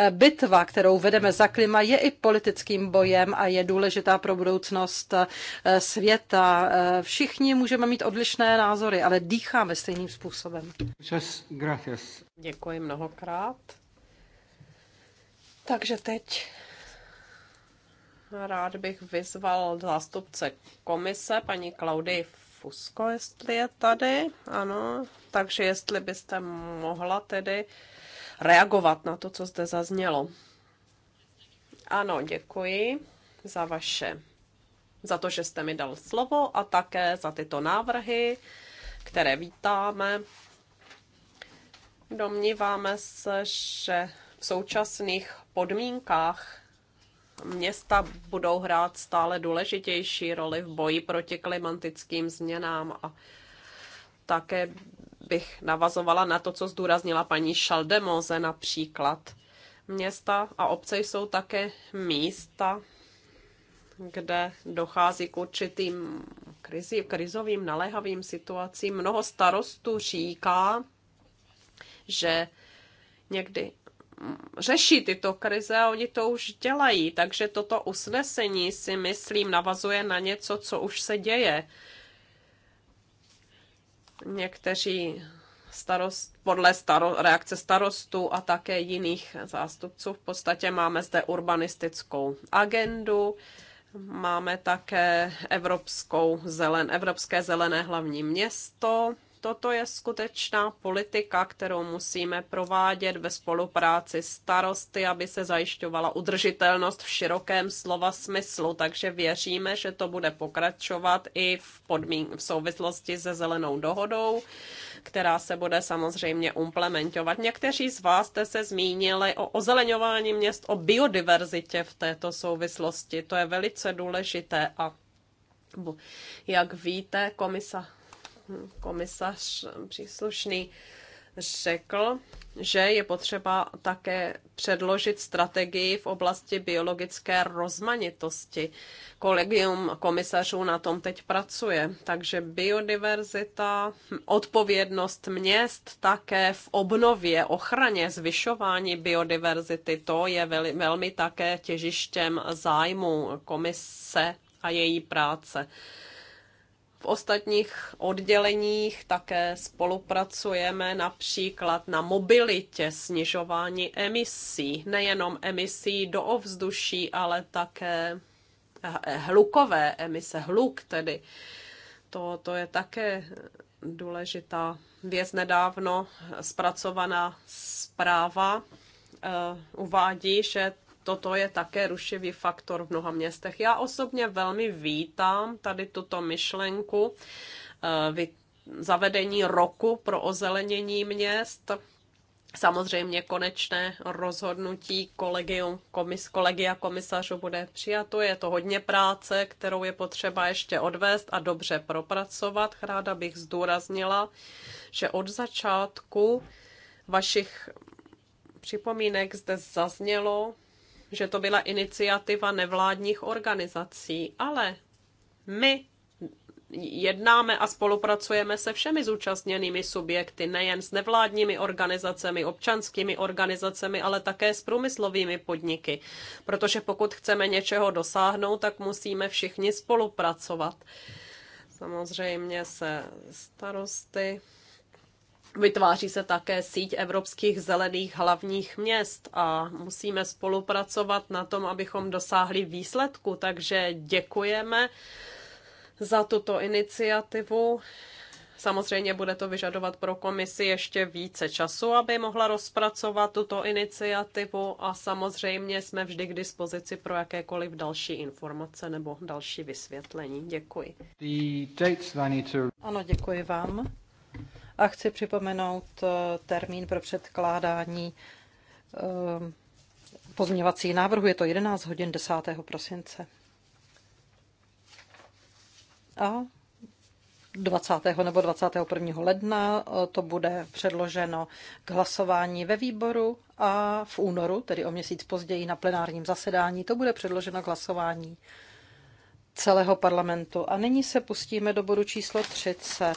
Bitva, kterou vedeme za klima, je i politickým bojem a je důležitá pro budoucnost eh, světa. Eh, všichni můžeme mít odlišné názory, ale dýcháme stejným způsobem. Děkuji mnohokrát. Takže teď rád bych vyzval zástupce komise, paní Klaudii Fusko, jestli je tady, ano. Takže jestli byste mohla tedy reagovat na to, co zde zaznělo. Ano, děkuji za vaše, za to, že jste mi dal slovo a také za tyto návrhy, které vítáme. Domníváme se, že v současných podmínkách Města budou hrát stále důležitější roli v boji proti klimatickým změnám a také bych navazovala na to, co zdůraznila paní Šaldemoze například. Města a obce jsou také místa, kde dochází k určitým krizi, krizovým, naléhavým situacím. Mnoho starostů říká, že někdy řeší tyto krize a oni to už dělají. Takže toto usnesení si myslím navazuje na něco, co už se děje. Někteří starost, podle staro, reakce starostů a také jiných zástupců v podstatě máme zde urbanistickou agendu. Máme také Evropskou zelen, Evropské zelené hlavní město, Toto je skutečná politika, kterou musíme provádět ve spolupráci starosty, aby se zajišťovala udržitelnost v širokém slova smyslu. Takže věříme, že to bude pokračovat i v, podmín- v souvislosti se zelenou dohodou, která se bude samozřejmě implementovat. Někteří z vás jste se zmínili o ozeleňování měst, o biodiverzitě v této souvislosti. To je velice důležité a jak víte, komisa komisař příslušný řekl, že je potřeba také předložit strategii v oblasti biologické rozmanitosti. Kolegium komisařů na tom teď pracuje, takže biodiverzita, odpovědnost měst také v obnově, ochraně, zvyšování biodiverzity, to je veli, velmi také těžištěm zájmu komise a její práce. V ostatních odděleních také spolupracujeme například na mobilitě, snižování emisí, nejenom emisí do ovzduší, ale také eh, hlukové emise, hluk tedy. To, to je také důležitá věc. Nedávno zpracovaná zpráva eh, uvádí, že toto je také rušivý faktor v mnoha městech. Já osobně velmi vítám tady tuto myšlenku eh, zavedení roku pro ozelenění měst. Samozřejmě konečné rozhodnutí kolegium, komis, kolegia komisařů bude přijato. Je to hodně práce, kterou je potřeba ještě odvést a dobře propracovat. Ráda bych zdůraznila, že od začátku vašich připomínek zde zaznělo, že to byla iniciativa nevládních organizací, ale my jednáme a spolupracujeme se všemi zúčastněnými subjekty, nejen s nevládními organizacemi, občanskými organizacemi, ale také s průmyslovými podniky. Protože pokud chceme něčeho dosáhnout, tak musíme všichni spolupracovat. Samozřejmě se starosty Vytváří se také síť evropských zelených hlavních měst a musíme spolupracovat na tom, abychom dosáhli výsledku. Takže děkujeme za tuto iniciativu. Samozřejmě bude to vyžadovat pro komisi ještě více času, aby mohla rozpracovat tuto iniciativu a samozřejmě jsme vždy k dispozici pro jakékoliv další informace nebo další vysvětlení. Děkuji. Ano, děkuji vám a chci připomenout eh, termín pro předkládání eh, pozměňovací návrhu. Je to 11 hodin 10. prosince. A 20. nebo 21. ledna eh, to bude předloženo k hlasování ve výboru a v únoru, tedy o měsíc později na plenárním zasedání, to bude předloženo k hlasování celého parlamentu. A nyní se pustíme do bodu číslo 30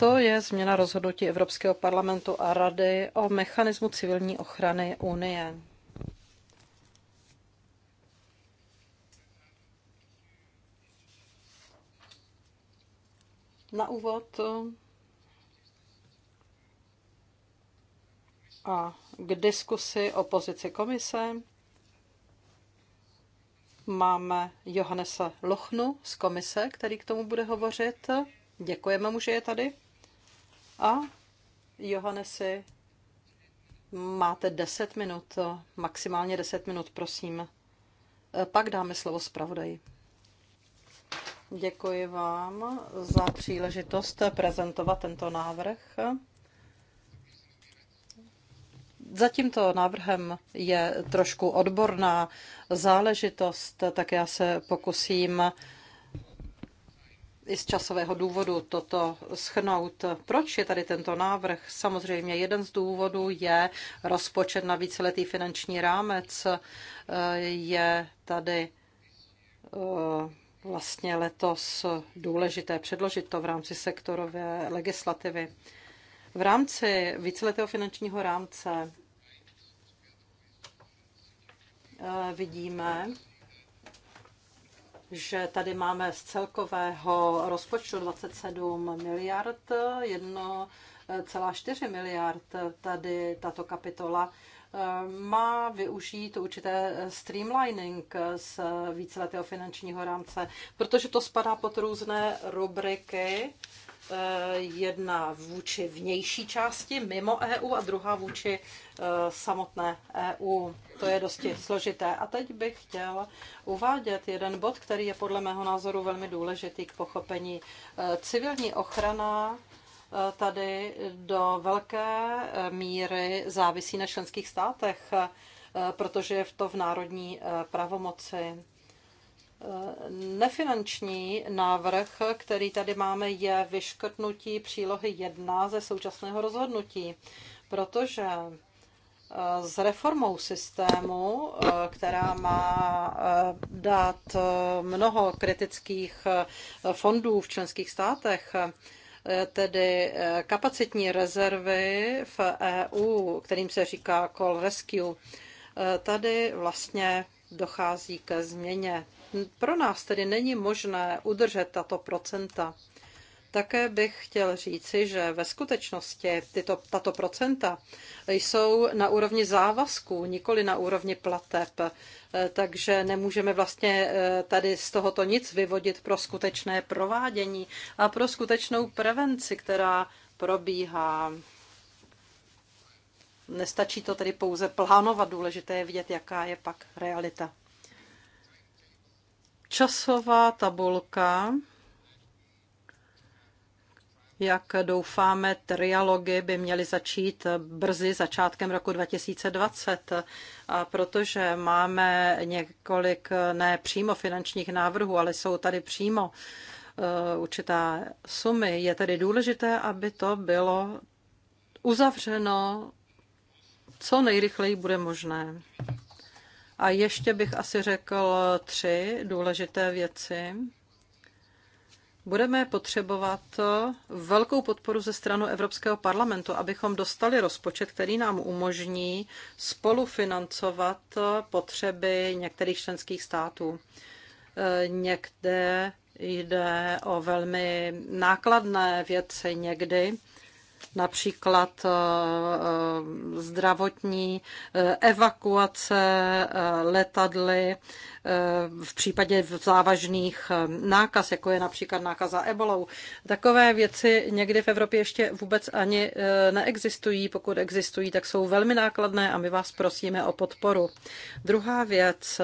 to je změna rozhodnutí Evropského parlamentu a Rady o mechanismu civilní ochrany Unie. Na úvod a k diskusi o pozici komise máme Johannesa Lochnu z komise, který k tomu bude hovořit. Děkujeme mu, že je tady. A Johannesi, máte 10 minut, maximálně 10 minut, prosím. Eh, pak dáme slovo zpravodaji. Děkuji vám za příležitost prezentovat tento návrh. Za tímto návrhem je trošku odborná záležitost, tak já se pokusím i z časového důvodu toto schnout. Proč je tady tento návrh? Samozřejmě jeden z důvodů je rozpočet na víceletý finanční rámec. Je tady eh, vlastně letos důležité předložit to v rámci sektorové legislativy. V rámci víceletého finančního rámce eh, vidíme, že tady máme z celkového rozpočtu 27 miliard, 1,4 eh, miliard tady tato kapitola eh, má využít určité streamlining z víceletého finančního rámce, protože to spadá pod různé rubriky Eh, jedna vůči vnější části mimo EU a druhá vůči eh, samotné EU. To je dosti složité. A teď bych chtěl uvádět jeden bod, který je podle mého názoru velmi důležitý k pochopení. Eh, civilní ochrana tady do velké míry závisí na členských státech, protože je to v národní pravomoci. Nefinanční návrh, který tady máme, je vyškrtnutí přílohy 1 ze současného rozhodnutí, protože eh, s reformou systému, eh, která má eh, dát mnoho kritických fondů v členských státech, tedy kapacitní rezervy v EU, kterým se říká Call Rescue, tady vlastně dochází ke změně pro nás tedy není možné udržet tato procenta. Také bych chtěl říci, že ve skutečnosti tyto, tato procenta jsou na úrovni závazků, nikoli na úrovni plateb, e, takže nemůžeme vlastně e, tady z tohoto nic vyvodit pro skutečné provádění a pro skutečnou prevenci, která probíhá. Nestačí to tedy pouze plánovat, důležité je vidět, jaká je pak realita časová tabulka, jak doufáme, trialogy by měly začít brzy začátkem roku 2020. A protože máme několik ne přímo finančních návrhů, ale jsou tady přímo eh, určitá sumy, je tedy důležité, aby to bylo uzavřeno co nejrychleji bude možné. A ještě bych asi řekl tři důležité věci. Budeme potřebovat velkou podporu ze stranu Evropského parlamentu, abychom dostali rozpočet, který nám umožní spolufinancovat potřeby některých členských států. Někde jde o velmi nákladné věci někdy například eh, eh, zdravotní eh, evakuace letadly v případě závažných nákaz, jako je například nákaza ebolou. Takové věci někdy v Evropě ještě vůbec ani neexistují. Pokud existují, tak jsou velmi nákladné a my vás prosíme o podporu. Druhá věc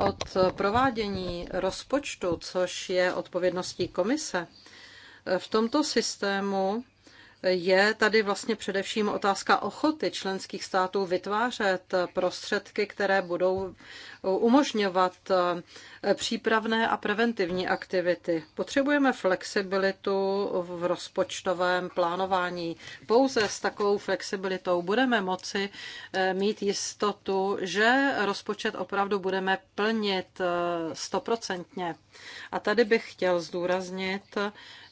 od provádění rozpočtu, což je odpovědností komise, v tomto systému je tady vlastně především otázka ochoty členských států vytvářet prostředky, které budou umožňovat přípravné a preventivní aktivity. Potřebujeme flexibilitu v rozpočtovém plánování. Pouze s takovou flexibilitou budeme moci eh, mít jistotu, že rozpočet opravdu budeme plnit eh, stoprocentně. A tady bych chtěl zdůraznit,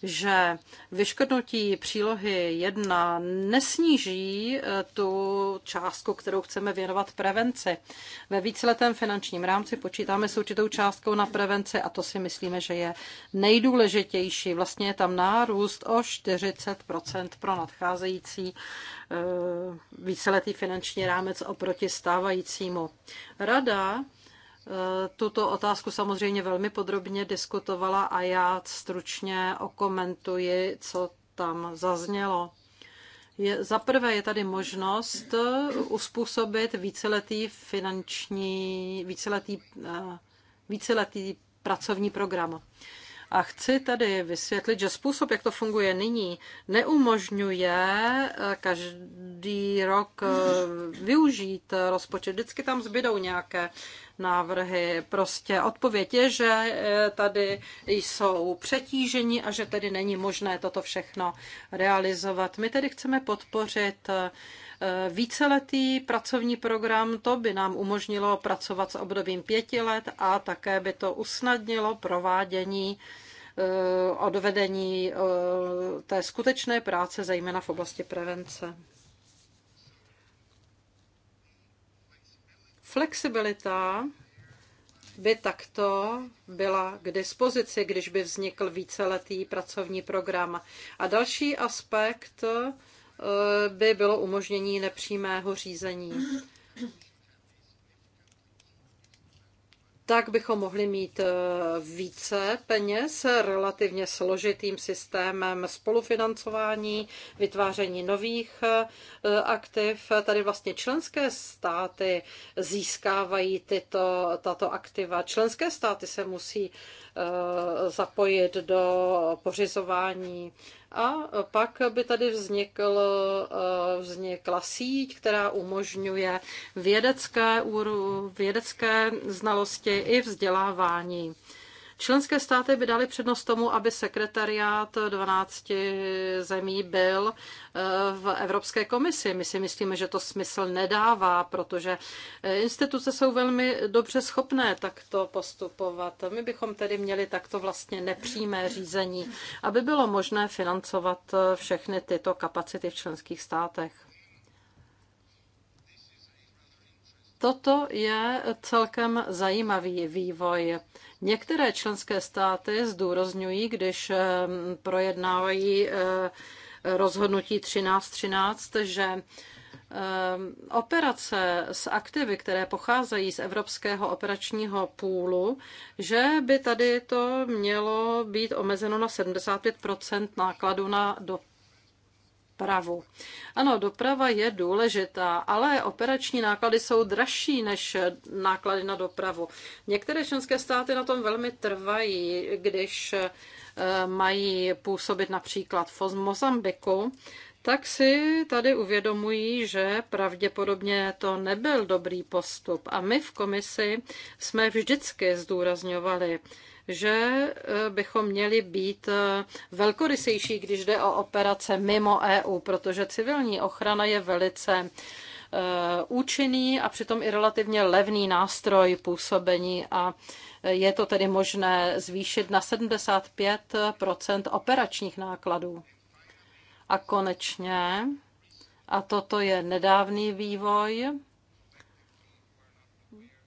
že vyškrtnutí přílohy 1 nesníží eh, tu částku, kterou chceme věnovat prevenci. Ve víceletém finančním rámci počítáme s určitou částkou na prevenci a to si myslíme, že je nejdůležitější. Vlastně je tam nárůst o 40 pro nadcházející eh, víceletý finanční rámec oproti stávajícímu. Rada tuto otázku samozřejmě velmi podrobně diskutovala a já stručně okomentuji, co tam zaznělo. Je, Za prvé je tady možnost uspůsobit víceletý finanční, víceletý, eh, víceletý pracovní program. A chci tady vysvětlit, že způsob, jak to funguje nyní, neumožňuje eh, každý rok eh, využít rozpočet. Vždycky tam zbydou nějaké návrhy. Prostě odpověď je, že eh, tady jsou přetížení a že tady není možné toto všechno realizovat. My tedy chceme podpořit Eh, víceletý pracovní program, to by nám umožnilo pracovat s obdobím pěti let a také by to usnadnilo provádění eh, odvedení eh, té skutečné práce, zejména v oblasti prevence. Flexibilita by takto byla k dispozici, když by vznikl víceletý pracovní program. A další aspekt Eh, by bylo umožnění nepřímého řízení. Tak bychom mohli mít eh, více peněz relativně složitým systémem spolufinancování, vytváření nových eh, aktiv. Tady vlastně členské státy získávají tyto, tato aktiva. Členské státy se musí Eh, zapojit do pořizování. A pak by tady vznikl, eh, vznikla síť, která umožňuje vědecké, vědecké znalosti i vzdělávání. Členské státy by dali přednost tomu, aby sekretariát 12 zemí byl eh, v Evropské komisi. My si myslíme, že to smysl nedává, protože eh, instituce jsou velmi dobře schopné takto postupovat. My bychom tedy měli takto vlastně nepřímé řízení, aby bylo možné financovat eh, všechny tyto kapacity v členských státech. Toto je celkem zajímavý vývoj. Některé členské státy zdůrazňují, když eh, projednávají eh, rozhodnutí 1313, že eh, operace s aktivy, které pocházejí z Evropského operačního půlu, že by tady to mělo být omezeno na 75 nákladu na do, dopravu. Ano, doprava je důležitá, ale operační náklady jsou dražší než náklady na dopravu. Některé členské státy na tom velmi trvají, když eh, mají působit například v Mozambiku, tak si tady uvědomují, že pravděpodobně to nebyl dobrý postup. A my v komisi jsme vždycky zdůrazňovali, že eh, bychom měli být eh, velkorysejší, když jde o operace mimo EU, protože civilní ochrana je velice eh, účinný a přitom i relativně levný nástroj působení a je to tedy možné zvýšit na 75 operačních nákladů. A konečně, a toto je nedávný vývoj,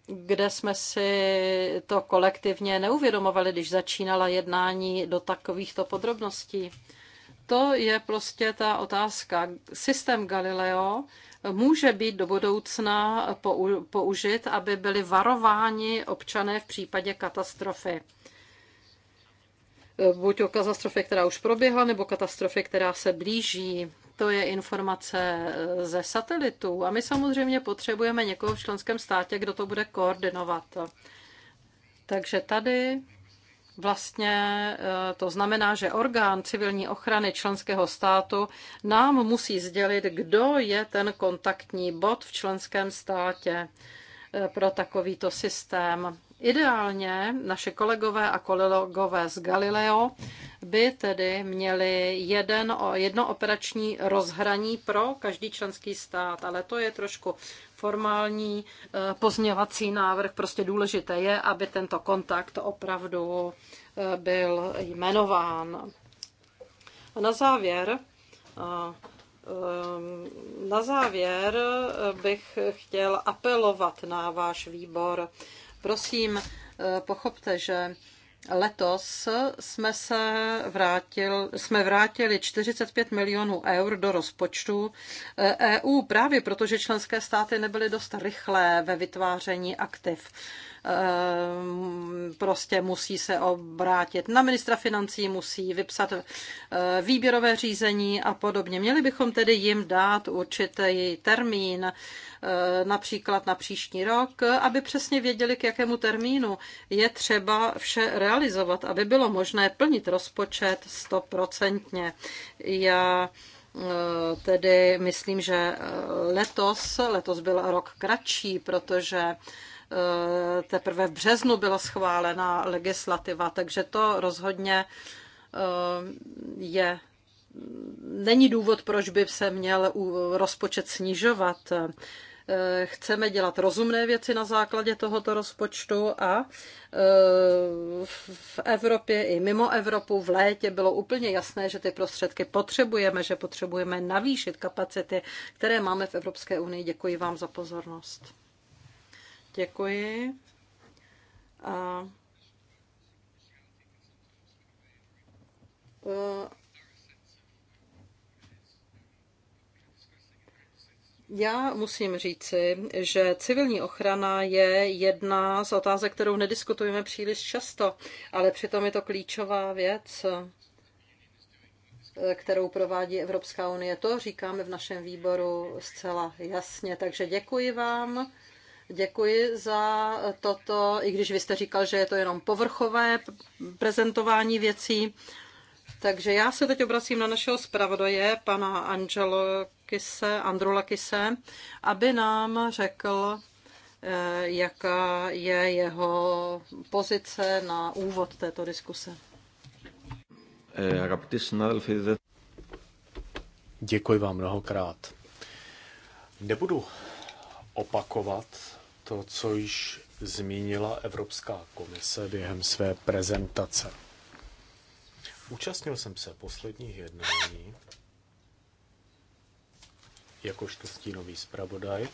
kde jsme si to kolektivně neuvědomovali, když začínala jednání do takovýchto podrobností. To je prostě ta otázka. Systém Galileo může být do budoucna použit, aby byli varováni občané v případě katastrofy. Buď o katastrofě, která už proběhla, nebo katastrofě, která se blíží to je informace eh, ze satelitů. A my samozřejmě potřebujeme někoho v členském státě, kdo to bude koordinovat. Takže tady vlastně eh, to znamená, že orgán civilní ochrany členského státu nám musí sdělit, kdo je ten kontaktní bod v členském státě eh, pro takovýto systém. Ideálně naše kolegové a kolegové z Galileo by tedy měli jeden, jedno operační rozhraní pro každý členský stát, ale to je trošku formální e, pozměvací návrh. Prostě důležité je, aby tento kontakt opravdu e, byl jmenován. A na závěr e, na závěr bych chtěl apelovat na váš výbor. Prosím, eh, pochopte, že letos jsme se vrátil, jsme vrátili 45 milionů eur do rozpočtu EU eh, e právě protože členské státy nebyly dost rychlé ve vytváření aktiv. Ehm, prostě musí se obrátit na ministra financí, musí vypsat eh, výběrové řízení a podobně. Měli bychom tedy jim dát určitý termín, eh, například na příští rok, aby přesně věděli, k jakému termínu je třeba vše realizovat, aby bylo možné plnit rozpočet stoprocentně. Já eh, tedy myslím, že letos, letos byl rok kratší, protože Eh, teprve v březnu byla schválena legislativa, takže to rozhodně eh, je není důvod, proč by se měl rozpočet snižovat. Eh, chceme dělat rozumné věci na základě tohoto rozpočtu a v Evropě i mimo Evropu v létě bylo úplně jasné, že ty prostředky potřebujeme, že potřebujeme navýšit kapacity, které máme v Evropské unii. Děkuji vám za pozornost. Děkuji. A, e, já musím říci, že civilní ochrana je jedna z otázek, kterou nediskutujeme příliš často, ale přitom je to klíčová věc e, kterou provádí Evropská unie. To říkáme v našem výboru zcela jasně. Takže děkuji vám Děkuji za toto, i když vy jste říkal, že je to jenom povrchové prezentování věcí. Takže já se teď obracím na našeho zpravodaje, pana Angelo Kise, Androla Kise, aby nám řekl, eh, jaká je jeho pozice na úvod této diskuse. Eh, Děkuji vám mnohokrát. Nebudu opakovat to, co již zmínila Evropská komise během své prezentace. Účastnil jsem se posledních jednání jakožto stínový zpravodaj.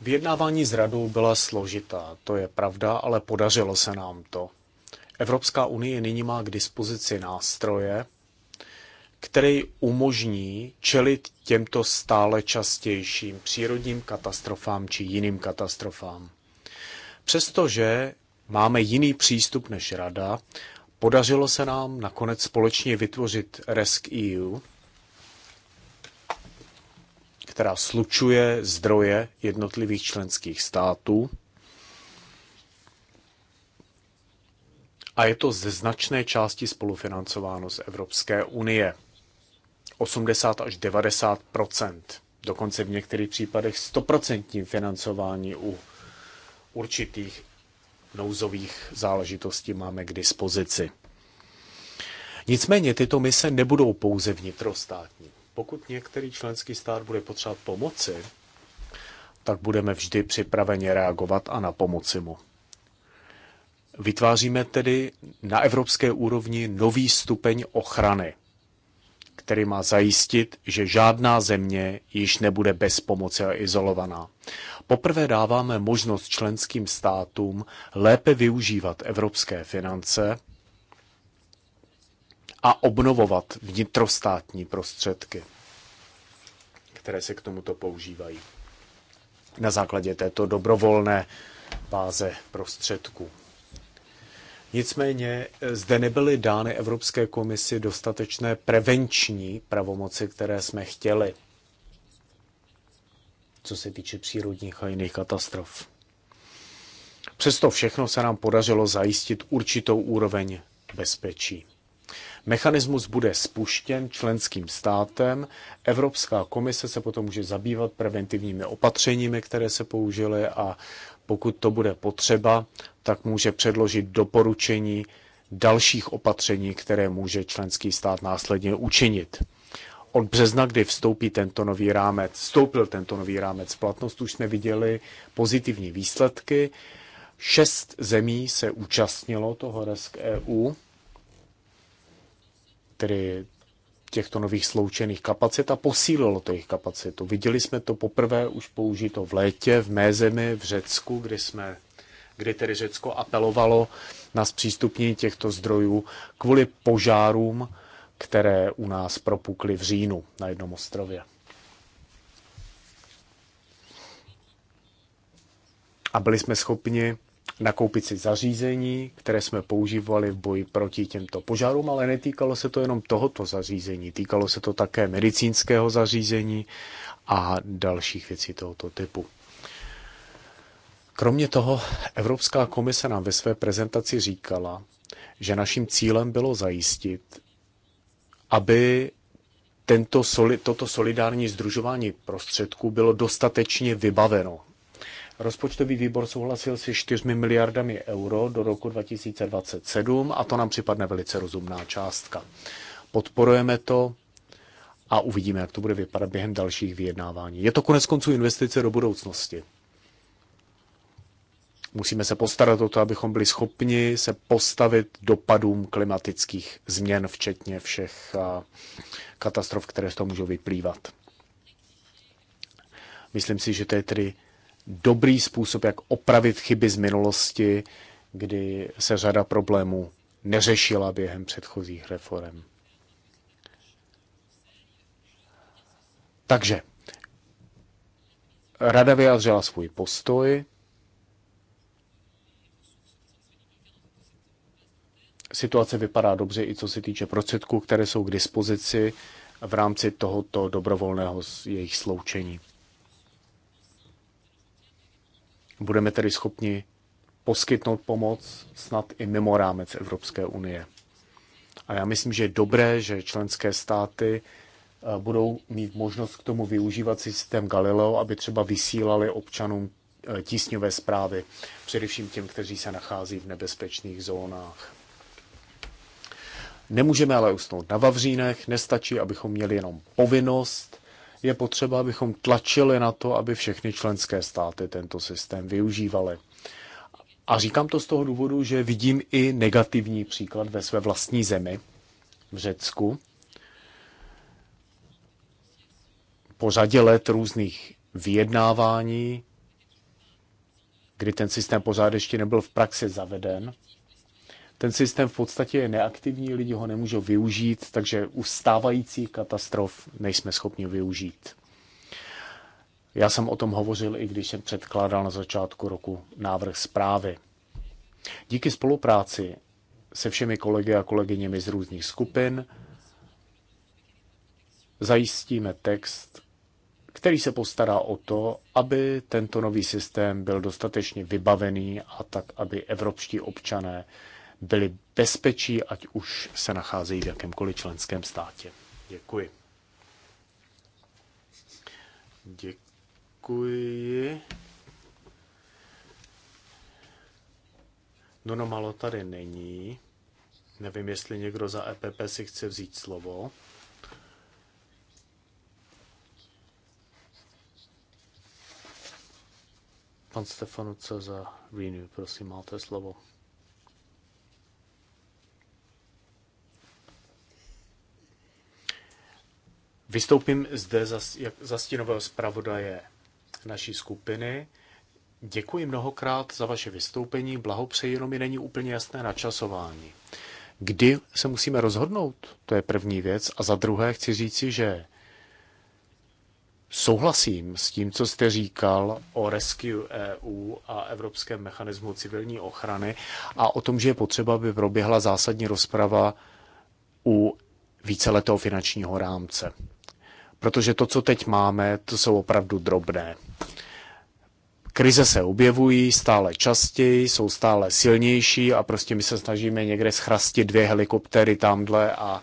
Vyjednávání s radou byla složitá, to je pravda, ale podařilo se nám to. Evropská unie nyní má k dispozici nástroje, který umožní čelit těmto stále častějším přírodním katastrofám či jiným katastrofám. Přestože máme jiný přístup než Rada, podařilo se nám nakonec společně vytvořit RESC-EU, která slučuje zdroje jednotlivých členských států. A je to ze značné části spolufinancováno z Evropské unie. 80 až 90 dokonce v některých případech 100% financování u určitých nouzových záležitostí máme k dispozici. Nicméně tyto mise nebudou pouze vnitrostátní. Pokud některý členský stát bude potřebovat pomoci, tak budeme vždy připraveni reagovat a na pomoci mu. Vytváříme tedy na evropské úrovni nový stupeň ochrany který má zajistit, že žádná země již nebude bez pomoci a izolovaná. Poprvé dáváme možnost členským státům lépe využívat evropské finance a obnovovat vnitrostátní prostředky, které se k tomuto používají na základě této dobrovolné báze prostředků. Nicméně eh, zde nebyly dány Evropské komisi dostatečné prevenční pravomoci, které jsme chtěli, co se týče přírodních a jiných katastrof. Přesto všechno se nám podařilo zajistit určitou úroveň bezpečí. Mechanismus bude spuštěn členským státem. Evropská komise se potom může zabývat preventivními opatřeními, které se použily a pokud to bude potřeba, tak může předložit doporučení dalších opatření, které může členský stát následně učinit. Od března, kdy vstoupí tento nový rámec, vstoupil tento nový rámec v platnost, už jsme viděli pozitivní výsledky. Šest zemí se účastnilo toho resk EU, tedy těchto nových sloučených kapacit a posílilo to jejich kapacitu. Viděli jsme to poprvé už použito v létě v mé zemi, v Řecku, kdy jsme kdy tedy Řecko apelovalo na zpřístupnění těchto zdrojů kvůli požárům, které u nás propukly v říjnu na jednom ostrově. A byli jsme schopni nakoupit si zařízení, které jsme používali v boji proti těmto požárům, ale netýkalo se to jenom tohoto zařízení, týkalo se to také medicínského zařízení a dalších věcí tohoto typu. Kromě toho Evropská komise nám ve své prezentaci říkala, že naším cílem bylo zajistit, aby tento soli, toto solidární združování prostředků bylo dostatečně vybaveno Rozpočtový výbor souhlasil si 4 miliardami euro do roku 2027 a to nám připadne velice rozumná částka. Podporujeme to a uvidíme, jak to bude vypadat během dalších vyjednávání. Je to konec konců investice do budoucnosti. Musíme se postarat o to, abychom byli schopni se postavit dopadům klimatických změn, včetně všech katastrof, které z toho můžou vyplývat. Myslím si, že to je tedy dobrý způsob, jak opravit chyby z minulosti, kdy se řada problémů neřešila během předchozích reform. Takže rada vyjádřila svůj postoj. Situace vypadá dobře i co se týče prostředků, které jsou k dispozici v rámci tohoto dobrovolného jejich sloučení. Budeme tedy schopni poskytnout pomoc snad i mimo rámec Evropské unie. A já myslím, že je dobré, že členské státy eh, budou mít možnost k tomu využívat systém Galileo, aby třeba vysílali občanům eh, tísňové zprávy, především těm, kteří se nachází v nebezpečných zónách. Nemůžeme ale usnout na Vavřínech, nestačí, abychom měli jenom povinnost, je potřeba, abychom tlačili na to, aby všechny členské státy tento systém využívaly. A říkám to z toho důvodu, že vidím i negativní příklad ve své vlastní zemi, v Řecku. Po řadě let různých vyjednávání, kdy ten systém pořád ještě nebyl v praxi zaveden, ten systém v podstatě je neaktivní, lidi ho nemůžou využít, takže u stávajících katastrof nejsme schopni využít. Já jsem o tom hovořil, i když jsem předkládal na začátku roku návrh zprávy. Díky spolupráci se všemi kolegy a kolegyněmi z různých skupin zajistíme text, který se postará o to, aby tento nový systém byl dostatečně vybavený a tak, aby evropští občané byli bezpečí, ať už se nacházejí v jakémkoliv členském státě. Děkuji. Děkuji. No, no, Malo tady není. Nevím, jestli někdo za EPP si chce vzít slovo. Pan Stefanu, co za Renew, prosím, máte slovo. Vystoupím zde za, za stínového zpravodaje naší skupiny. Děkuji mnohokrát za vaše vystoupení, blahopřeji, jenom mi není úplně jasné načasování. Kdy se musíme rozhodnout? To je první věc. A za druhé chci říci, že souhlasím s tím, co jste říkal o Rescue EU a Evropském mechanismu civilní ochrany a o tom, že je potřeba, aby proběhla zásadní rozprava u víceletého finančního rámce. Protože to, co teď máme, to jsou opravdu drobné. Krize se objevují stále častěji, jsou stále silnější a prostě my se snažíme někde schrastit dvě helikoptery tamhle a,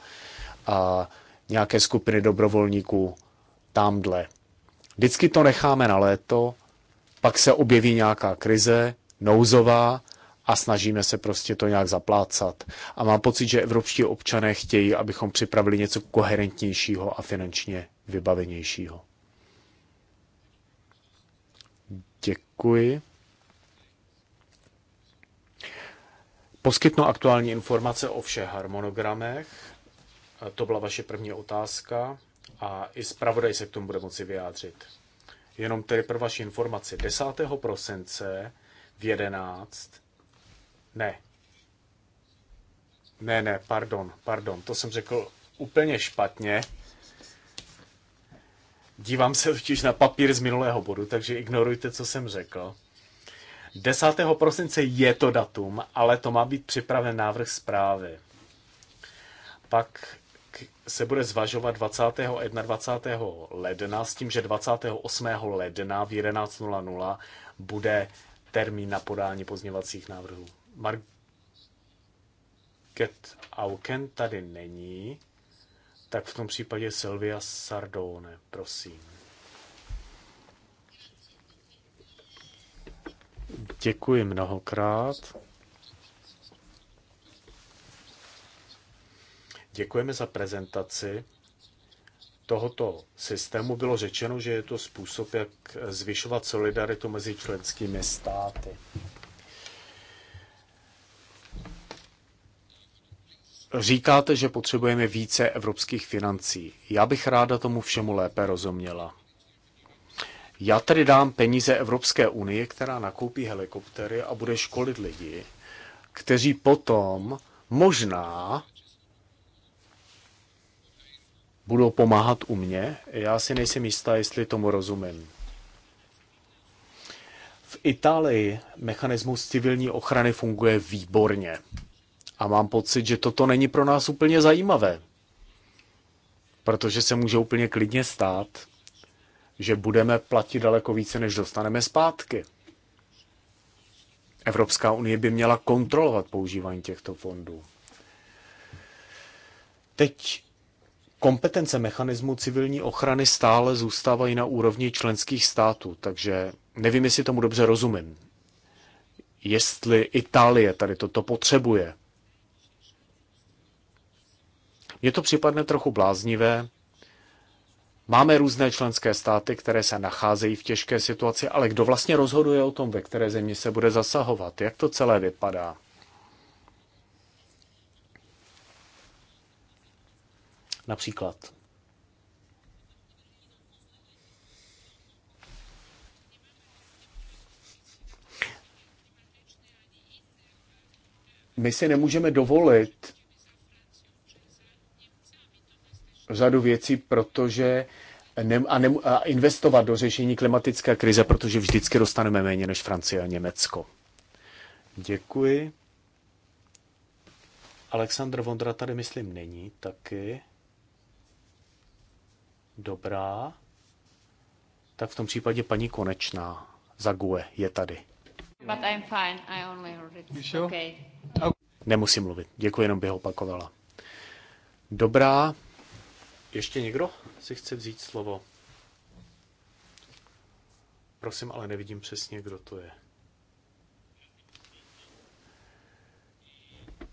a nějaké skupiny dobrovolníků tamhle. Vždycky to necháme na léto, pak se objeví nějaká krize, nouzová, a snažíme se prostě to nějak zaplácat. A mám pocit, že evropští občané chtějí, abychom připravili něco koherentnějšího a finančně vybavenějšího. Děkuji. Poskytnu aktuální informace o všech harmonogramech. To byla vaše první otázka a i zpravodaj se k tomu bude moci vyjádřit. Jenom tedy pro vaši informaci. 10. prosince v 11 ne. Ne, ne, pardon, pardon, to jsem řekl úplně špatně. Dívám se totiž na papír z minulého bodu, takže ignorujte, co jsem řekl. 10. prosince je to datum, ale to má být připraven návrh zprávy. Pak se bude zvažovat 20. a 21. ledna s tím, že 28. ledna v 11.00 bude termín na podání pozněvacích návrhů. Marget Auken tady není, tak v tom případě Silvia Sardone, prosím. Děkuji mnohokrát. Děkujeme za prezentaci tohoto systému. Bylo řečeno, že je to způsob, jak zvyšovat solidaritu mezi členskými státy. Říkáte, že potřebujeme více evropských financí. Já bych ráda tomu všemu lépe rozuměla. Já tedy dám peníze Evropské unie, která nakoupí helikoptery a bude školit lidi, kteří potom možná budou pomáhat u mě. Já si nejsem jistá, jestli tomu rozumím. V Itálii mechanismus civilní ochrany funguje výborně. A mám pocit, že toto není pro nás úplně zajímavé. Protože se může úplně klidně stát, že budeme platit daleko více, než dostaneme zpátky. Evropská unie by měla kontrolovat používání těchto fondů. Teď kompetence mechanismu civilní ochrany stále zůstávají na úrovni členských států, takže nevím, jestli tomu dobře rozumím. Jestli Itálie tady toto potřebuje, mně to připadne trochu bláznivé. Máme různé členské státy, které se nacházejí v těžké situaci, ale kdo vlastně rozhoduje o tom, ve které země se bude zasahovat? Jak to celé vypadá? Například. My si nemůžeme dovolit řadu věcí, protože ne, a, ne, a investovat do řešení klimatické krize, protože vždycky dostaneme méně než Francie a Německo. Děkuji. Aleksandr Vondra tady, myslím, není taky. Dobrá. Tak v tom případě paní Konečná GUE je tady. But I'm fine. I only heard it. Sure? Okay. Nemusím mluvit. Děkuji, jenom bych opakovala. Dobrá, ještě někdo si chce vzít slovo? Prosím, ale nevidím přesně, kdo to je.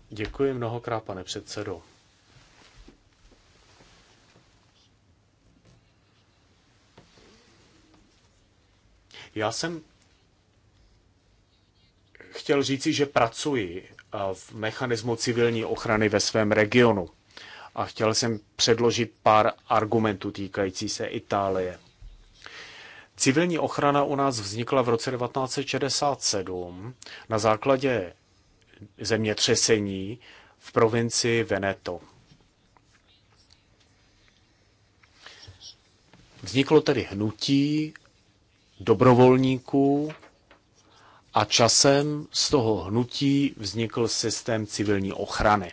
Děkuji mnohokrát, pane předsedo. Já jsem chtěl říci, že pracuji eh, v mechanismu civilní ochrany ve svém regionu a chtěl jsem předložit pár argumentů týkající se Itálie. Civilní ochrana u nás vznikla v roce 1967 na základě zemětřesení v provincii Veneto. Vzniklo tedy hnutí dobrovolníků a časem z toho hnutí vznikl systém civilní ochrany.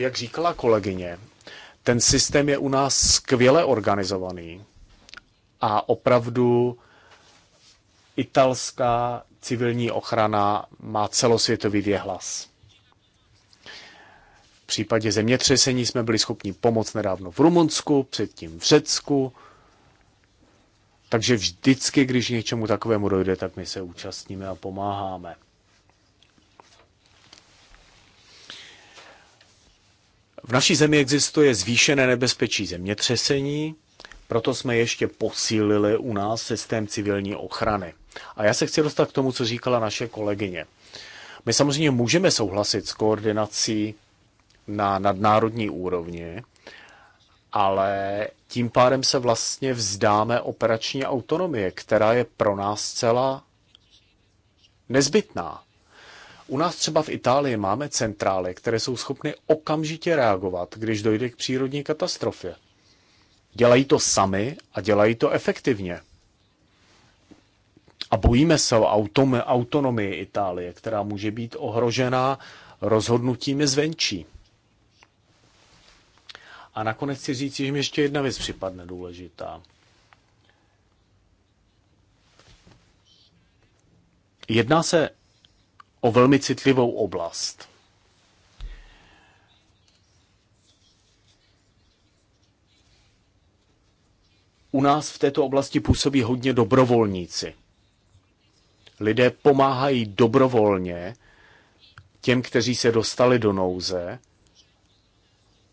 jak říkala kolegyně, ten systém je u nás skvěle organizovaný a opravdu italská civilní ochrana má celosvětový věhlas. V případě zemětřesení jsme byli schopni pomoct nedávno v Rumunsku, předtím v Řecku. Takže vždycky, když něčemu takovému dojde, tak my se účastníme a pomáháme. V naší zemi existuje zvýšené nebezpečí zemětřesení, proto jsme ještě posílili u nás systém civilní ochrany. A já se chci dostat k tomu, co říkala naše kolegyně. My samozřejmě můžeme souhlasit s koordinací na nadnárodní úrovni, ale tím pádem se vlastně vzdáme operační autonomie, která je pro nás celá nezbytná. U nás třeba v Itálii máme centrály, které jsou schopny okamžitě reagovat, když dojde k přírodní katastrofě. Dělají to sami a dělají to efektivně. A bojíme se o autonomii Itálie, která může být ohrožená rozhodnutími zvenčí. A nakonec si říct, že mi ještě jedna věc připadne důležitá. Jedná se o velmi citlivou oblast. U nás v této oblasti působí hodně dobrovolníci. Lidé pomáhají dobrovolně těm, kteří se dostali do nouze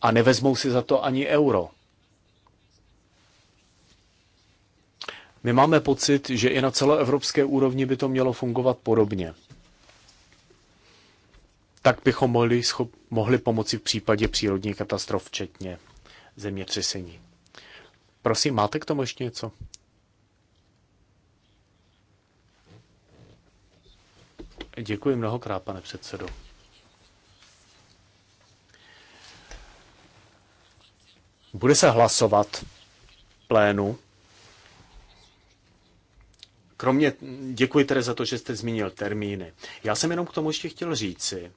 a nevezmou si za to ani euro. My máme pocit, že i na celoevropské úrovni by to mělo fungovat podobně tak bychom mohli, schop, mohli pomoci v případě přírodních katastrof, včetně zemětřesení. Prosím, máte k tomu ještě něco? Děkuji mnohokrát, pane předsedo. Bude se hlasovat plénu. Kromě, děkuji tedy za to, že jste zmínil termíny. Já jsem jenom k tomu ještě chtěl říci,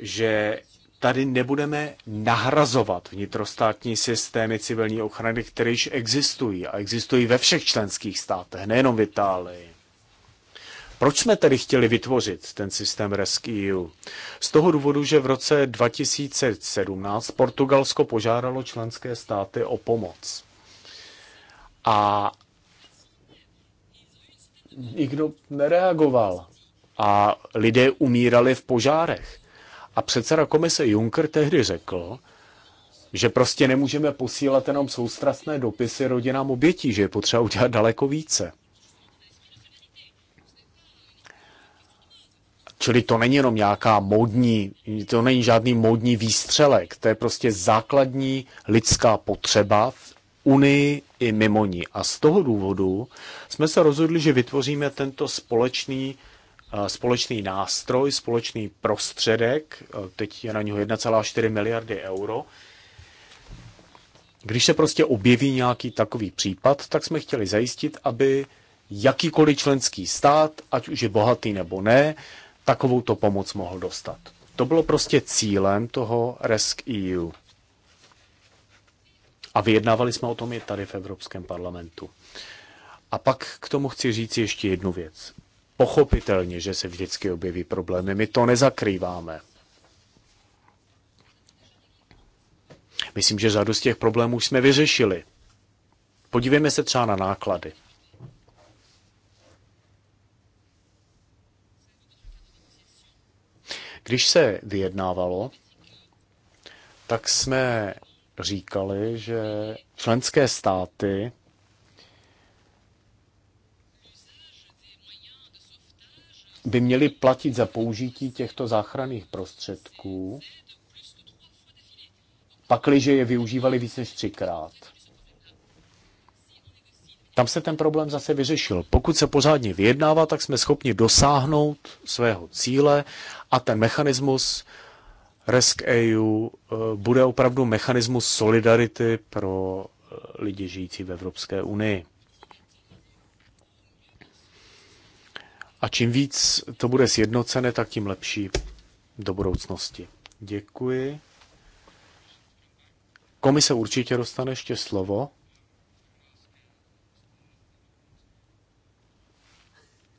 že tady nebudeme nahrazovat vnitrostátní systémy civilní ochrany, které již existují a existují ve všech členských státech, nejenom v Itálii. Proč jsme tedy chtěli vytvořit ten systém Rescue? Z toho důvodu, že v roce 2017 Portugalsko požádalo členské státy o pomoc. A nikdo nereagoval. A lidé umírali v požárech. A předseda komise Juncker tehdy řekl, že prostě nemůžeme posílat jenom soustrastné dopisy rodinám obětí, že je potřeba udělat daleko více. Čili to není jenom nějaká módní, to není žádný módní výstřelek, to je prostě základní lidská potřeba v Unii i mimo ní. A z toho důvodu jsme se rozhodli, že vytvoříme tento společný společný nástroj, společný prostředek, teď je na něho 1,4 miliardy euro. Když se prostě objeví nějaký takový případ, tak jsme chtěli zajistit, aby jakýkoliv členský stát, ať už je bohatý nebo ne, takovou to pomoc mohl dostat. To bylo prostě cílem toho resc EU. A vyjednávali jsme o tom i tady v Evropském parlamentu. A pak k tomu chci říct ještě jednu věc. Pochopitelně, že se vždycky objeví problémy, my to nezakrýváme. Myslím, že řadu z těch problémů jsme vyřešili. Podívejme se třeba na náklady. Když se vyjednávalo, tak jsme říkali, že členské státy by měli platit za použití těchto záchranných prostředků, pakliže je využívali více než třikrát. Tam se ten problém zase vyřešil. Pokud se pořádně vyjednává, tak jsme schopni dosáhnout svého cíle a ten mechanismus Resk eu eh, bude opravdu mechanismus solidarity pro eh, lidi žijící v Evropské unii. A čím víc to bude sjednocené, tak tím lepší do budoucnosti. Děkuji. Komise určitě dostane ještě slovo.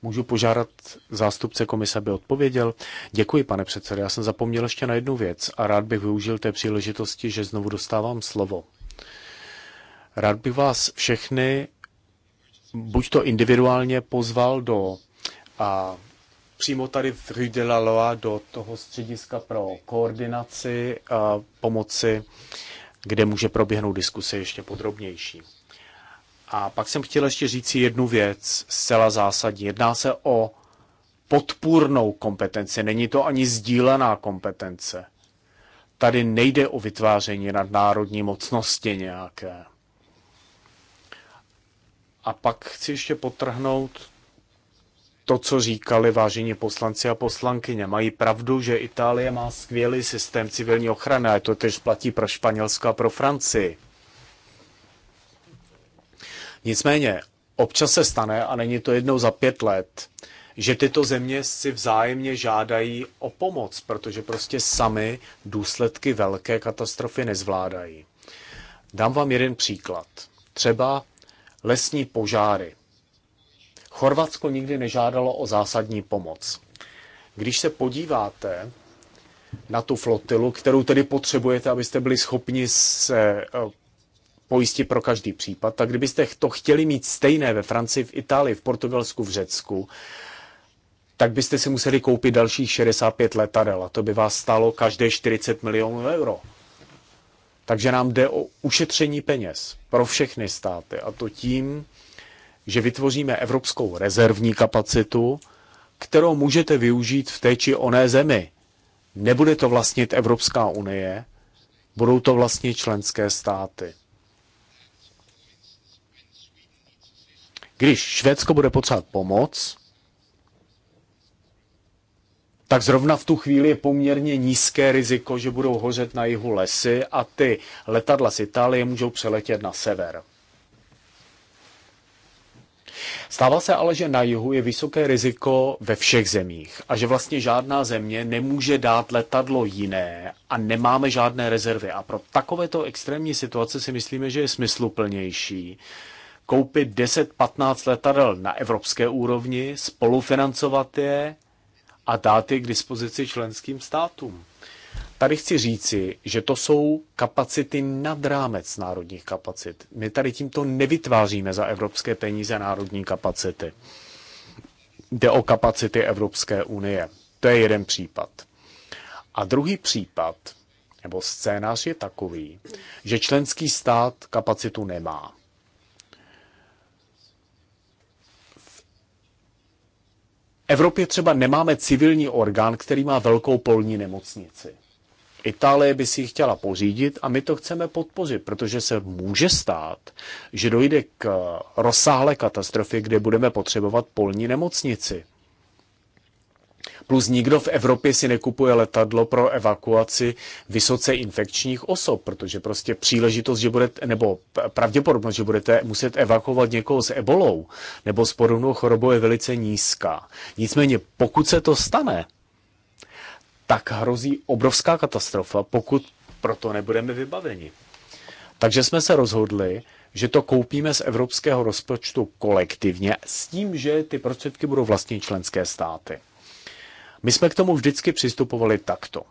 Můžu požádat zástupce komise, aby odpověděl. Děkuji, pane předsedo. Já jsem zapomněl ještě na jednu věc a rád bych využil té příležitosti, že znovu dostávám slovo. Rád bych vás všechny buď to individuálně pozval do a přímo tady v Rue de la Loa do toho střediska pro koordinaci a pomoci, kde může proběhnout diskuse ještě podrobnější. A pak jsem chtěl ještě říct jednu věc, zcela zásadní. Jedná se o podpůrnou kompetenci, není to ani sdílená kompetence. Tady nejde o vytváření nadnárodní mocnosti nějaké. A pak chci ještě potrhnout to, co říkali vážení poslanci a poslankyně. Mají pravdu, že Itálie má skvělý systém civilní ochrany a to tež platí pro Španělsko a pro Francii. Nicméně, občas se stane, a není to jednou za pět let, že tyto země si vzájemně žádají o pomoc, protože prostě sami důsledky velké katastrofy nezvládají. Dám vám jeden příklad. Třeba lesní požáry. Chorvatsko nikdy nežádalo o zásadní pomoc. Když se podíváte na tu flotilu, kterou tedy potřebujete, abyste byli schopni se eh, pojistit pro každý případ, tak kdybyste to chtěli mít stejné ve Francii, v Itálii, v Portugalsku, v Řecku, tak byste si museli koupit dalších 65 letadel a to by vás stálo každé 40 milionů euro. Takže nám jde o ušetření peněz pro všechny státy a to tím, že vytvoříme evropskou rezervní kapacitu, kterou můžete využít v té či oné zemi. Nebude to vlastnit Evropská unie, budou to vlastně členské státy. Když Švédsko bude potřebovat pomoc, tak zrovna v tu chvíli je poměrně nízké riziko, že budou hořet na jihu lesy a ty letadla z Itálie můžou přeletět na sever. Stává se ale, že na jihu je vysoké riziko ve všech zemích a že vlastně žádná země nemůže dát letadlo jiné a nemáme žádné rezervy. A pro takovéto extrémní situace si myslíme, že je smysluplnější koupit 10-15 letadel na evropské úrovni, spolufinancovat je a dát je k dispozici členským státům. Tady chci říci, že to jsou kapacity nad rámec národních kapacit. My tady tímto nevytváříme za evropské peníze národní kapacity. Jde o kapacity Evropské unie. To je jeden případ. A druhý případ, nebo scénář je takový, že členský stát kapacitu nemá. Evropě třeba nemáme civilní orgán, který má velkou polní nemocnici. Itálie by si ji chtěla pořídit a my to chceme podpořit, protože se může stát, že dojde k rozsáhlé katastrofě, kde budeme potřebovat polní nemocnici. Plus nikdo v Evropě si nekupuje letadlo pro evakuaci vysoce infekčních osob, protože prostě příležitost, že budete, nebo pravděpodobnost, že budete muset evakuovat někoho s ebolou nebo s podobnou chorobou je velice nízká. Nicméně, pokud se to stane, tak hrozí obrovská katastrofa, pokud proto nebudeme vybaveni. Takže jsme se rozhodli, že to koupíme z evropského rozpočtu kolektivně s tím, že ty prostředky budou vlastní členské státy. My jsme k tomu vždycky přistupovali takto.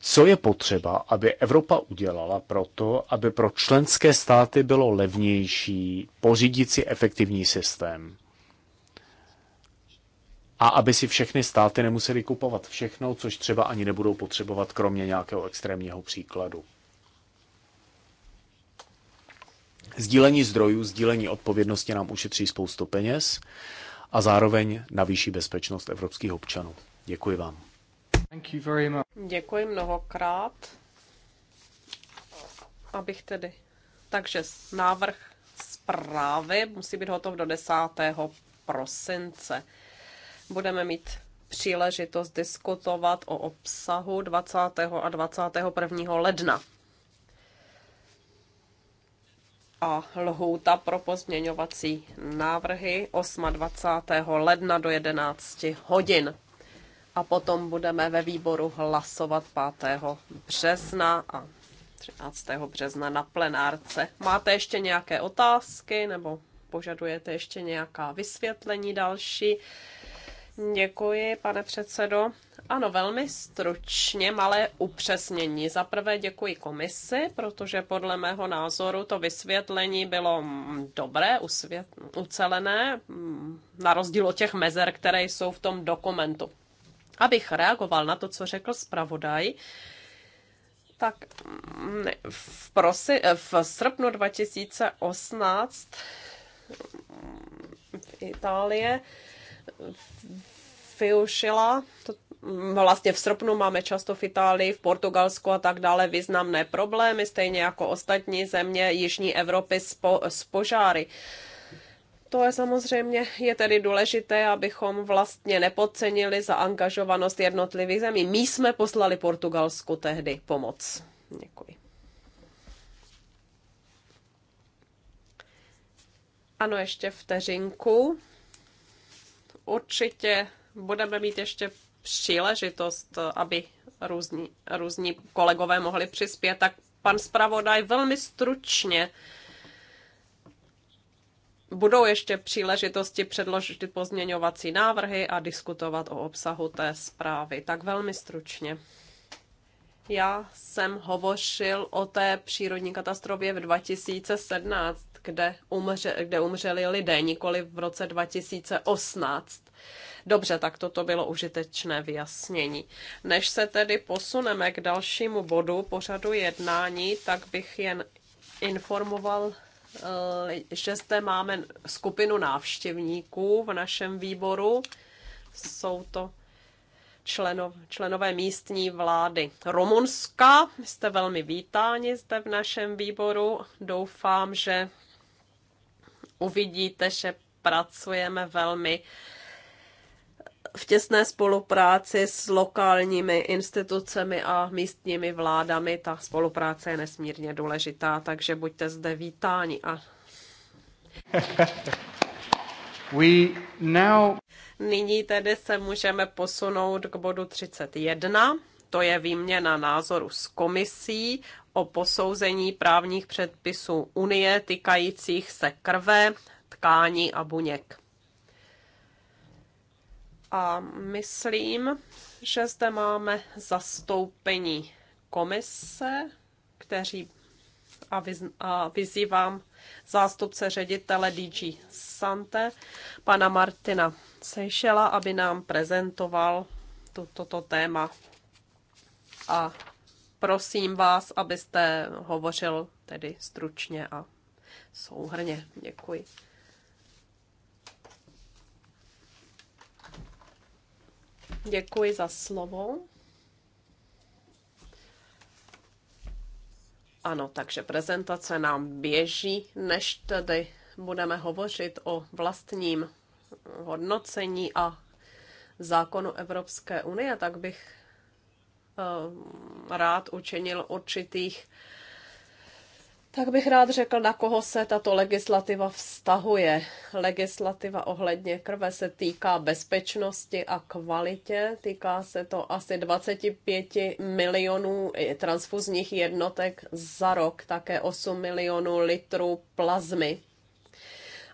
Co je potřeba, aby Evropa udělala proto, aby pro členské státy bylo levnější pořídit si efektivní systém? a aby si všechny státy nemuseli kupovat všechno, což třeba ani nebudou potřebovat, kromě nějakého extrémního příkladu. Sdílení zdrojů, sdílení odpovědnosti nám ušetří spoustu peněz a zároveň navýší bezpečnost evropských občanů. Děkuji vám. Děkuji mnohokrát. Abych tedy. Takže návrh zprávy musí být hotov do 10. prosince budeme mít příležitost diskutovat o obsahu 20. a 21. ledna. A lhůta pro pozměňovací návrhy 28. ledna do 11 hodin. A potom budeme ve výboru hlasovat 5. března a 13. března na plenárce. Máte ještě nějaké otázky nebo požadujete ještě nějaká vysvětlení další? Děkuji, pane předsedo. Ano, velmi stručně malé upřesnění. Za prvé děkuji komisi, protože podle mého názoru to vysvětlení bylo mm, dobré, usvět, ucelené, mm, na rozdíl od těch mezer, které jsou v tom dokumentu. Abych reagoval na to, co řekl zpravodaj, tak mm, v, prosi, v srpnu 2018 v Itálii. Fiušila, to, vlastně v srpnu máme často v Itálii, v Portugalsku a tak dále významné problémy, stejně jako ostatní země Jižní Evropy s, po, s požáry. To je samozřejmě, je tedy důležité, abychom vlastně nepodcenili angažovanost jednotlivých zemí. My jsme poslali Portugalsku tehdy pomoc. Děkuji. Ano, ještě vteřinku. Určitě budeme mít ještě příležitost, aby různí, různí kolegové mohli přispět. Tak pan zpravodaj velmi stručně budou ještě příležitosti předložit pozměňovací návrhy a diskutovat o obsahu té zprávy. Tak velmi stručně. Já jsem hovořil o té přírodní katastrofě v 2017 kde, umře, kde umřeli lidé, nikoli v roce 2018. Dobře, tak toto bylo užitečné vyjasnění. Než se tedy posuneme k dalšímu bodu pořadu jednání, tak bych jen informoval eh, že zde máme skupinu návštěvníků v našem výboru. Jsou to členov, členové místní vlády Rumunska. Jste velmi vítáni zde v našem výboru. Doufám, že uvidíte, že pracujeme velmi v těsné spolupráci s lokálními institucemi a místními vládami. Ta spolupráce je nesmírně důležitá, takže buďte zde vítáni. A... We now... Nyní tedy se můžeme posunout k bodu 31. To je výměna názoru s komisí o posouzení právních předpisů Unie týkajících se krve, tkání a buněk. A myslím, že zde máme zastoupení komise, kteří a, vyz, a vyzývám zástupce ředitele DG Sante, pana Martina Sejšela, aby nám prezentoval toto to, to téma. A prosím vás, abyste hovořil tedy stručně a souhrně. Děkuji. Děkuji za slovo. Ano, takže prezentace nám běží, než tedy budeme hovořit o vlastním hodnocení a zákonu Evropské unie, tak bych Eh, rád učinil určitých tak bych rád řekl, na koho se tato legislativa vztahuje. Legislativa ohledně krve se týká bezpečnosti a kvalitě. Týká se to asi 25 milionů transfuzních jednotek za rok, také 8 milionů litrů plazmy.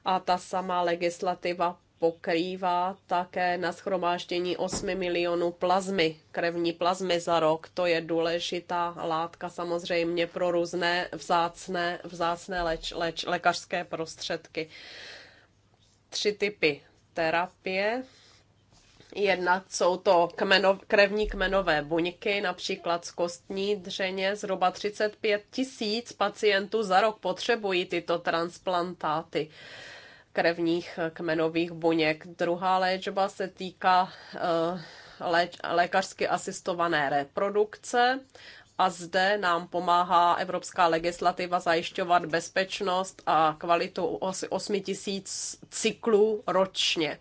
A ta samá legislativa pokrývá také na schromáždění 8 milionů plazmy, krevní plazmy za rok. To je důležitá látka samozřejmě pro různé vzácné, vzácné leč, leč, lékařské prostředky. Tři typy terapie. Jedna jsou to kmenov, krevní kmenové buňky, například z kostní dřeně. Zhruba 35 tisíc pacientů za rok potřebují tyto transplantáty krevních kmenových buněk. Druhá léčba se týká eh, léč, lékařsky asistované reprodukce a zde nám pomáhá evropská legislativa zajišťovat bezpečnost a kvalitu 8 tisíc cyklů ročně.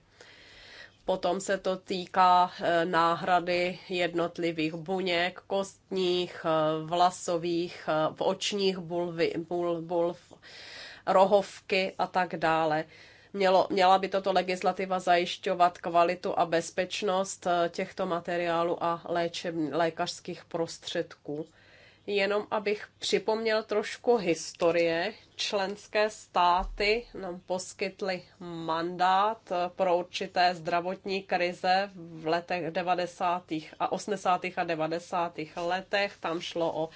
Potom se to týká eh, náhrady jednotlivých buněk, kostních, eh, vlasových, v očních bulvy, bulv, bulv rohovky a tak dále. Mělo, měla by toto legislativa zajišťovat kvalitu a bezpečnost eh, těchto materiálů a léčeb, lékařských prostředků. Jenom abych připomněl trošku historie, členské státy nám poskytly mandát eh, pro určité zdravotní krize v letech 90. a 80. a 90. letech. Tam šlo o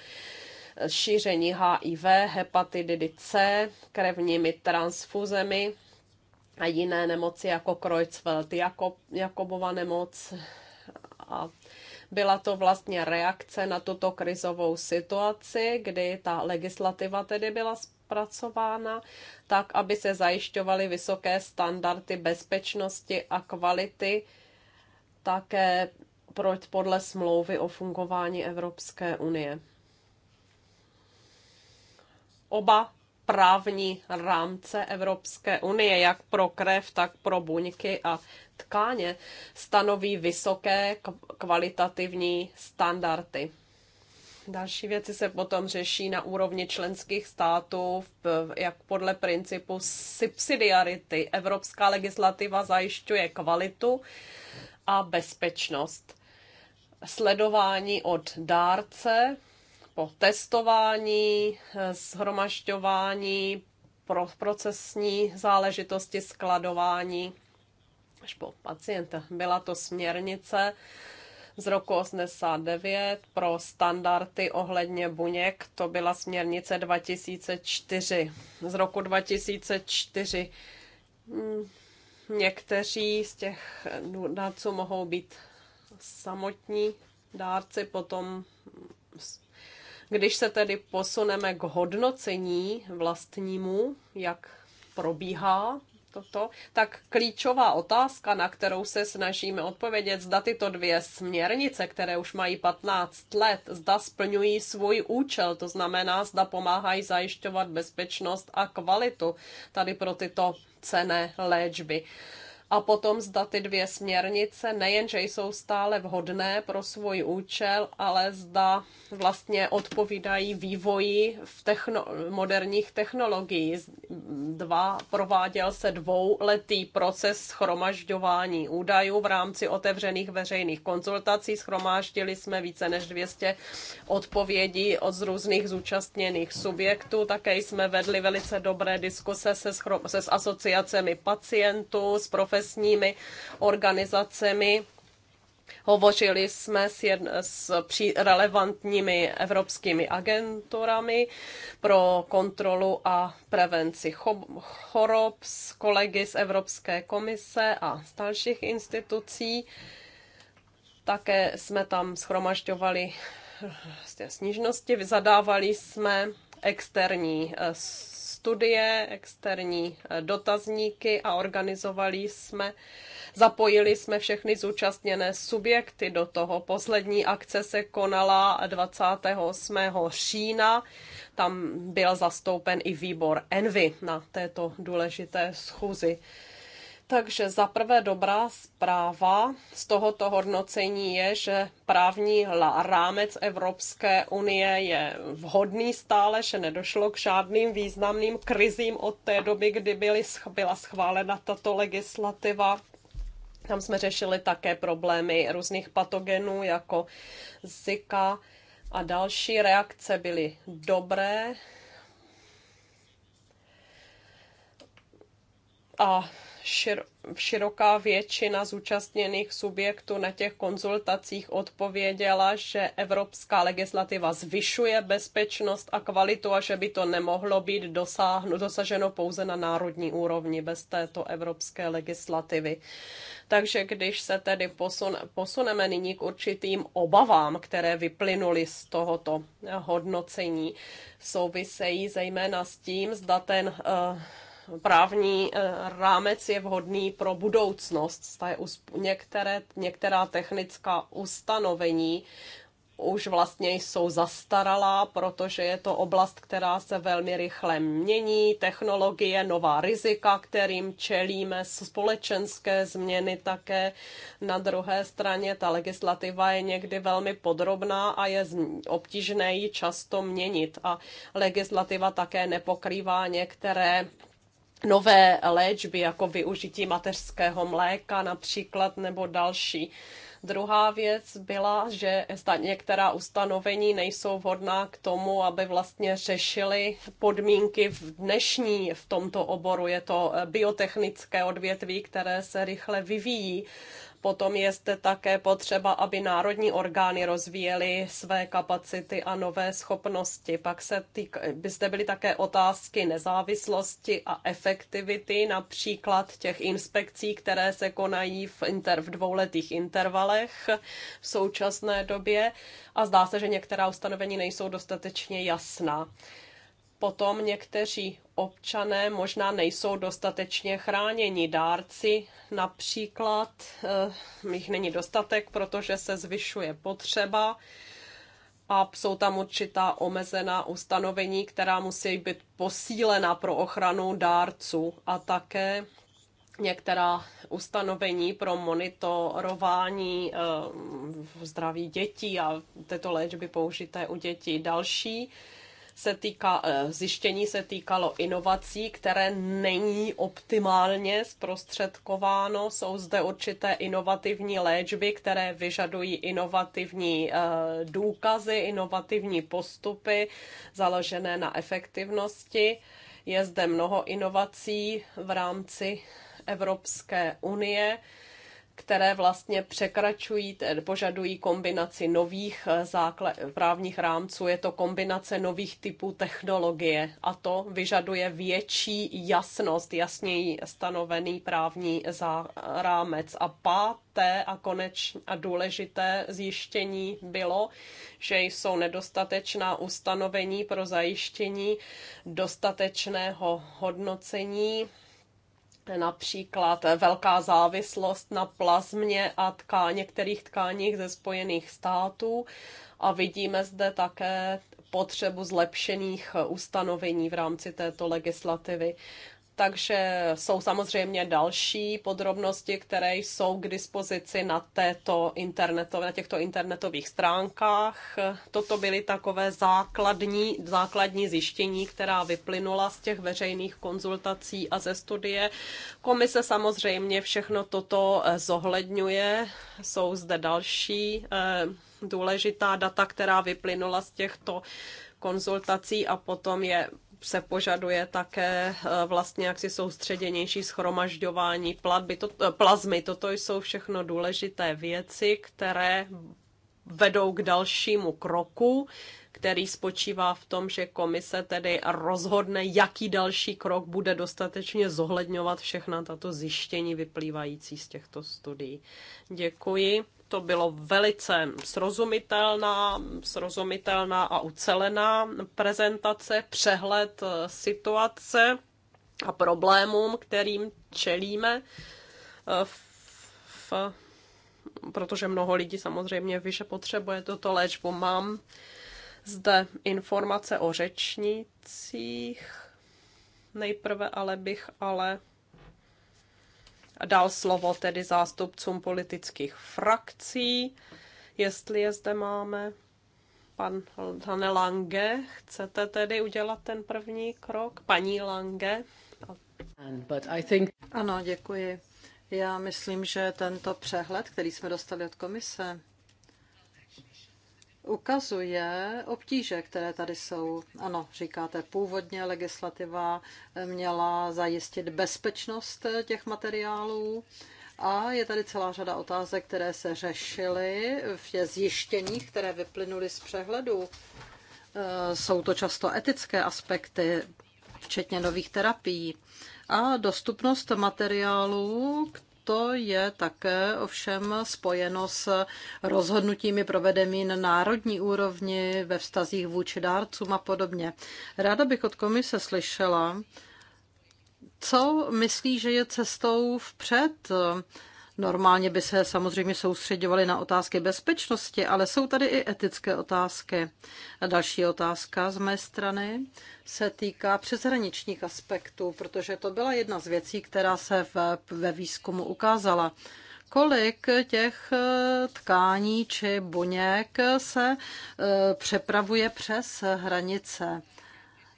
šíření HIV, hepatitidy C, krevními transfuzemi a jiné nemoci jako Kreuzfeld, jako, Jakobova nemoc a byla to vlastně reakce na tuto krizovou situaci, kdy ta legislativa tedy byla zpracována tak, aby se zajišťovaly vysoké standardy bezpečnosti a kvality také podle smlouvy o fungování Evropské unie oba právní rámce Evropské unie, jak pro krev, tak pro buňky a tkáně, stanoví vysoké kvalitativní standardy. Další věci se potom řeší na úrovni členských států, jak podle principu subsidiarity. Evropská legislativa zajišťuje kvalitu a bezpečnost. Sledování od dárce po testování, shromažďování, eh, pro procesní záležitosti, skladování až po pacienta. Byla to směrnice z roku 89 pro standardy ohledně buněk, to byla směrnice 2004. Z roku 2004 mm, někteří z těch dárců mohou být samotní dárci, potom když se tedy posuneme k hodnocení vlastnímu, jak probíhá toto, tak klíčová otázka, na kterou se snažíme odpovědět, zda tyto dvě směrnice, které už mají 15 let, zda splňují svůj účel, to znamená, zda pomáhají zajišťovat bezpečnost a kvalitu tady pro tyto cené léčby a potom zda ty dvě směrnice nejenže jsou stále vhodné pro svůj účel, ale zda vlastně odpovídají vývoji v techno- moderních technologií. Dva, prováděl se dvouletý proces schromažďování údajů v rámci otevřených veřejných konzultací. Schromáždili jsme více než 200 odpovědí od různých zúčastněných subjektů. Také jsme vedli velice dobré diskuse se, se s asociacemi pacientů, s profesionálními profesními organizacemi. Hovořili jsme s, jedn, s při, relevantními evropskými agenturami pro kontrolu a prevenci chorob, s kolegy z Evropské komise a z dalších institucí. Také jsme tam schromažďovali eh, snížnosti, zadávali jsme externí eh, studie, externí eh, dotazníky a organizovali jsme, zapojili jsme všechny zúčastněné subjekty do toho. Poslední akce se konala 28. října. Tam byl zastoupen i výbor Envy na této důležité schůzi. Takže za prvé dobrá zpráva z tohoto hodnocení je, že právní rámec Evropské unie je vhodný stále, že nedošlo k žádným významným krizím od té doby, kdy byly, byla schválena tato legislativa. Tam jsme řešili také problémy různých patogenů jako Zika a další reakce byly dobré. A široká většina zúčastněných subjektů na těch konzultacích odpověděla, že evropská legislativa zvyšuje bezpečnost a kvalitu a že by to nemohlo být dosaženo pouze na národní úrovni bez této evropské legislativy. Takže když se tedy posun, posuneme nyní k určitým obavám, které vyplynuly z tohoto hodnocení, souvisejí zejména s tím, zda ten uh, právní eh, rámec je vhodný pro budoucnost. Některé, některá technická ustanovení už vlastně jsou zastaralá, protože je to oblast, která se velmi rychle mění, technologie, nová rizika, kterým čelíme, společenské změny také. Na druhé straně ta legislativa je někdy velmi podrobná a je obtížné ji často měnit a legislativa také nepokrývá některé nové léčby, jako využití mateřského mléka například, nebo další. Druhá věc byla, že některá ustanovení nejsou vhodná k tomu, aby vlastně řešili podmínky v dnešní v tomto oboru. Je to eh, biotechnické odvětví, které se rychle vyvíjí Potom je zde také potřeba, aby národní orgány rozvíjely své kapacity a nové schopnosti. Pak se týk, by zde byly také otázky nezávislosti a efektivity, například těch inspekcí, které se konají v, inter, v dvouletých intervalech v současné době. A zdá se, že některá ustanovení nejsou dostatečně jasná potom někteří občané možná nejsou dostatečně chráněni. Dárci například, eh, jich není dostatek, protože se zvyšuje potřeba a jsou tam určitá omezená ustanovení, která musí být posílena pro ochranu dárců a také některá ustanovení pro monitorování eh, zdraví dětí a této léčby použité u dětí. Další se týká, eh, zjištění se týkalo inovací, které není optimálně zprostředkováno. Jsou zde určité inovativní léčby, které vyžadují inovativní eh, důkazy, inovativní postupy založené na efektivnosti. Je zde mnoho inovací v rámci Evropské unie které vlastně překračují, požadují kombinaci nových eh, základ, právních rámců, je to kombinace nových typů technologie a to vyžaduje větší jasnost, jasněji stanovený právní zá, rámec. A páté a konečně, a důležité zjištění bylo, že jsou nedostatečná ustanovení pro zajištění dostatečného hodnocení například velká závislost na plazmě a tká, některých tkáních ze Spojených států. A vidíme zde také potřebu zlepšených ustanovení v rámci této legislativy takže jsou samozřejmě další podrobnosti, které jsou k dispozici na, této internetové, na těchto internetových stránkách. Toto byly takové základní, základní zjištění, která vyplynula z těch veřejných konzultací a ze studie. Komise samozřejmě všechno toto eh, zohledňuje. Jsou zde další eh, důležitá data, která vyplynula z těchto konzultací a potom je se požaduje také eh, vlastně jaksi soustředěnější schromažďování platby, to, eh, plazmy. Toto jsou všechno důležité věci, které vedou k dalšímu kroku, který spočívá v tom, že komise tedy rozhodne, jaký další krok bude dostatečně zohledňovat všechna tato zjištění vyplývající z těchto studií. Děkuji to bylo velice srozumitelná, srozumitelná a ucelená prezentace, přehled eh, situace a problémům, kterým čelíme eh, v, v protože mnoho lidí samozřejmě ví, že potřebuje tuto léčbu. Mám zde informace o řečnících. Nejprve ale bych ale dal slovo tedy zástupcům politických frakcí, jestli je zde máme. Pan, pane Lange, chcete tedy udělat ten první krok? Paní Lange? Ano, děkuji. Já myslím, že tento přehled, který jsme dostali od komise, ukazuje obtíže, které tady jsou. Ano, říkáte, původně legislativa měla zajistit bezpečnost těch materiálů a je tady celá řada otázek, které se řešily v těch zjištěních, které vyplynuly z přehledu. E, jsou to často etické aspekty, včetně nových terapií a dostupnost materiálů, to je také ovšem spojeno s rozhodnutími provedenými na národní úrovni ve vztazích vůči dárcům a podobně. Ráda bych od komise slyšela, co myslí, že je cestou vpřed Normálně by se samozřejmě soustředovali na otázky bezpečnosti, ale jsou tady i etické otázky. A další otázka z mé strany se týká přeshraničních aspektů, protože to byla jedna z věcí, která se ve výzkumu ukázala kolik těch eh, tkání či buněk se eh, přepravuje přes hranice.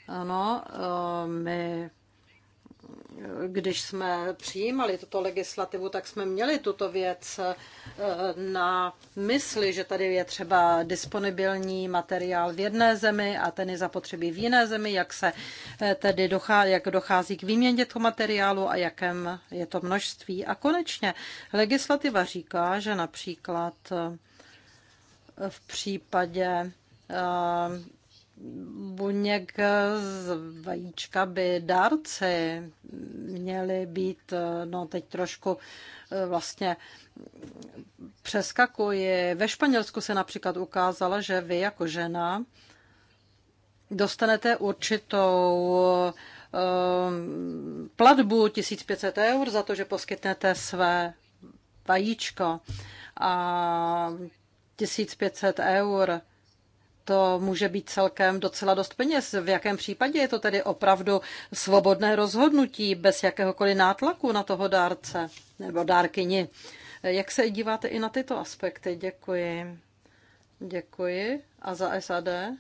Ano, eh, my když jsme přijímali tuto legislativu, tak jsme měli tuto věc eh, na mysli, že tady je třeba disponibilní materiál v jedné zemi a ten je zapotřebí v jiné zemi, jak se eh, tedy dochá, jak dochází k výměně toho materiálu a jakém je to množství. A konečně legislativa říká, že například eh, v případě buněk z vajíčka by dárci měli být, no teď trošku eh, vlastně přeskakuji. Ve Španělsku se například ukázala, že vy jako žena dostanete určitou eh, platbu 1500 eur za to, že poskytnete své vajíčko a 1500 eur to může být celkem docela dost peněz. V jakém případě je to tedy opravdu svobodné rozhodnutí bez jakéhokoliv nátlaku na toho dárce nebo dárkyni? Jak se díváte i na tyto aspekty? Děkuji. Děkuji. A za SAD eh,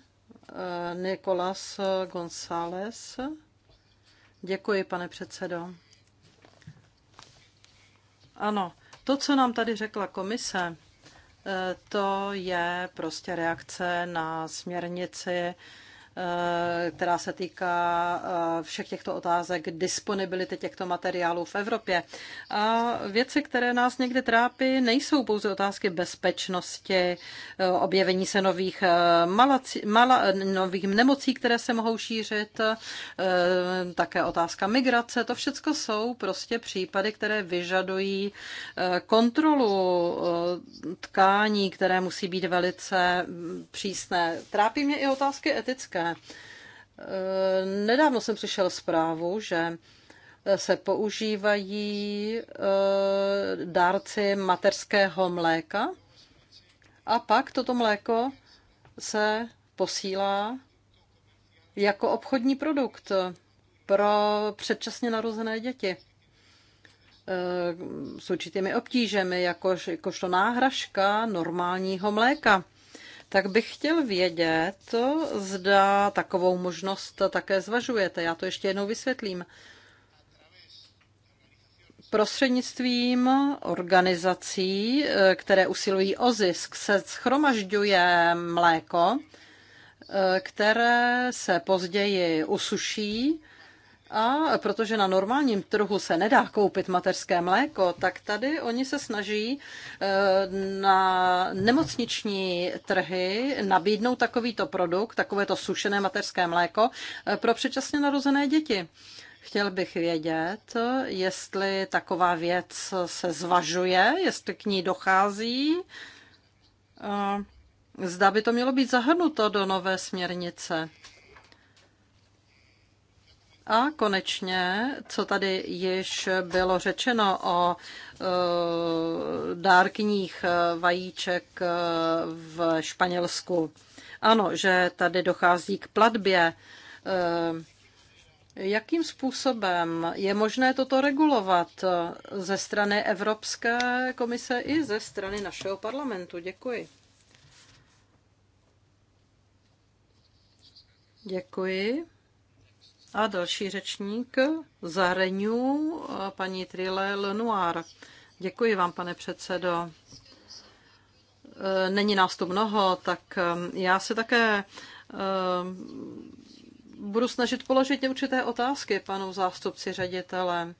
Nikolas González. Děkuji, pane předsedo. Ano, to, co nám tady řekla komise, Eh, to je prostě reakce na směrnici Eh, která se týká eh, všech těchto otázek, disponibility těchto materiálů v Evropě. A věci, které nás někdy trápí, nejsou pouze otázky bezpečnosti, eh, objevení se nových, malací, mala, nových nemocí, které se mohou šířit, také otázka migrace. To všechno jsou prostě případy, které vyžadují kontrolu tkání, které musí být velice mm, přísné. Trápí mě i otázky etické že eh, nedávno jsem přišel zprávu, že eh, se používají eh, dárci materského mléka a pak toto mléko se posílá jako obchodní produkt pro předčasně narozené děti s určitými obtížemi, jakož, jakožto náhražka normálního mléka tak bych chtěl vědět, zda takovou možnost také zvažujete. Já to ještě jednou vysvětlím. Prostřednictvím organizací, eh, které usilují o zisk, se schromažďuje mléko, eh, které se později usuší a protože na normálním trhu se nedá koupit mateřské mléko, tak tady oni se snaží eh, na nemocniční trhy nabídnout takovýto produkt, takovéto sušené mateřské mléko eh, pro předčasně narozené děti. Chtěl bych vědět, jestli taková věc se zvažuje, jestli k ní dochází. Eh, zda by to mělo být zahrnuto do nové směrnice. A konečně, co tady již bylo řečeno o eh, dárkních eh, vajíček eh, v Španělsku. Ano, že tady dochází k platbě. Jakým způsobem je možné toto regulovat ze strany Evropské komise i ze strany našeho parlamentu? Děkuji. Děkuji. A další řečník za Renew, paní Trile Lenoir. Děkuji vám, pane předsedo. E, není nás tu mnoho, tak e, já se také e, budu snažit položit určité otázky panu zástupci ředitele.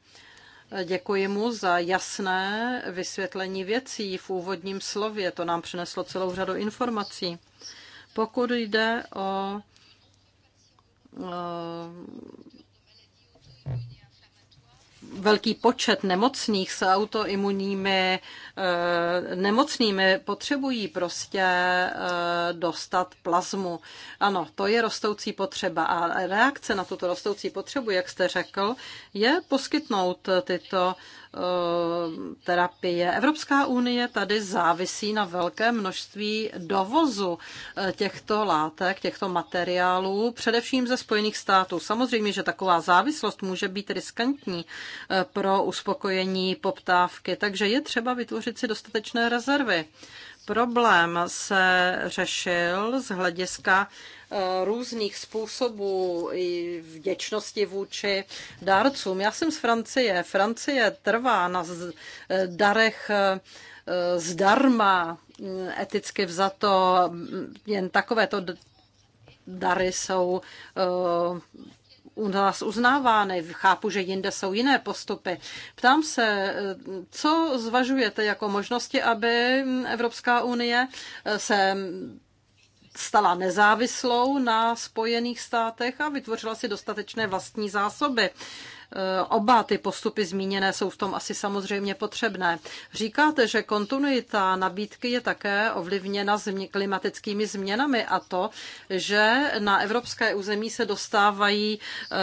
Děkuji mu za jasné vysvětlení věcí v úvodním slově. To nám přineslo celou řadu informací. Pokud jde o velký počet nemocných s autoimunními Eh, nemocnými, potřebují prostě eh, dostat plazmu. Ano, to je rostoucí potřeba a reakce na tuto rostoucí potřebu, jak jste řekl, je poskytnout tyto eh, terapie. Evropská unie tady závisí na velké množství dovozu těchto látek, těchto materiálů, především ze Spojených států. Samozřejmě, že taková závislost může být riskantní pro uspokojení poptávky, takže je třeba vytvořit vytvořit si dostatečné rezervy. Problém se řešil z hlediska eh, různých způsobů i vděčnosti vůči dárcům. Já jsem z Francie. Francie trvá na eh, darech eh, zdarma, mm, eticky vzato, jen takovéto dary jsou u nás uznávány. Chápu, že jinde jsou jiné postupy. Ptám se, co zvažujete jako možnosti, aby Evropská unie se stala nezávislou na Spojených státech a vytvořila si dostatečné vlastní zásoby Eh, oba ty postupy zmíněné jsou v tom asi samozřejmě potřebné. Říkáte, že kontinuita nabídky je také ovlivněna klimatickými změnami a to, že na evropské území se dostávají eh,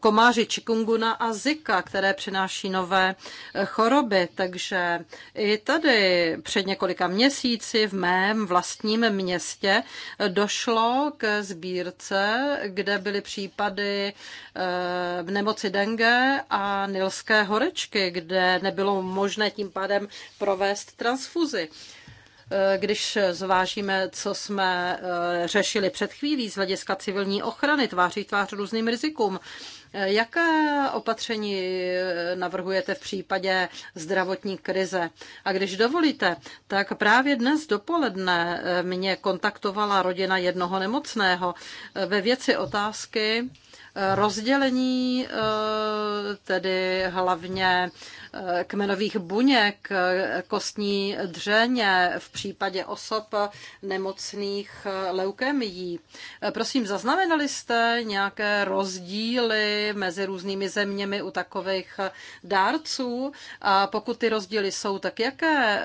komáři čikunguna a zika, které přináší nové eh, choroby. Takže i tady před několika měsíci v mém vlastním městě došlo k sbírce, kde byly případy nemoci dengue a nilské horečky, kde nebylo možné tím pádem provést transfuzi. Eh, když zvážíme, co jsme eh, řešili před chvílí z hlediska civilní ochrany, tváří tvář různým rizikům, eh, Jaké opatření navrhujete v případě zdravotní krize? A když dovolíte, tak právě dnes dopoledne mě kontaktovala rodina jednoho nemocného ve věci otázky rozdělení eh, tedy hlavně eh, kmenových buněk, eh, kostní dřeně v případě osob nemocných leukemií. Prosím, zaznamenali jste nějaké rozdíly mezi různými zeměmi u takových dárců? A pokud ty rozdíly jsou, tak jaké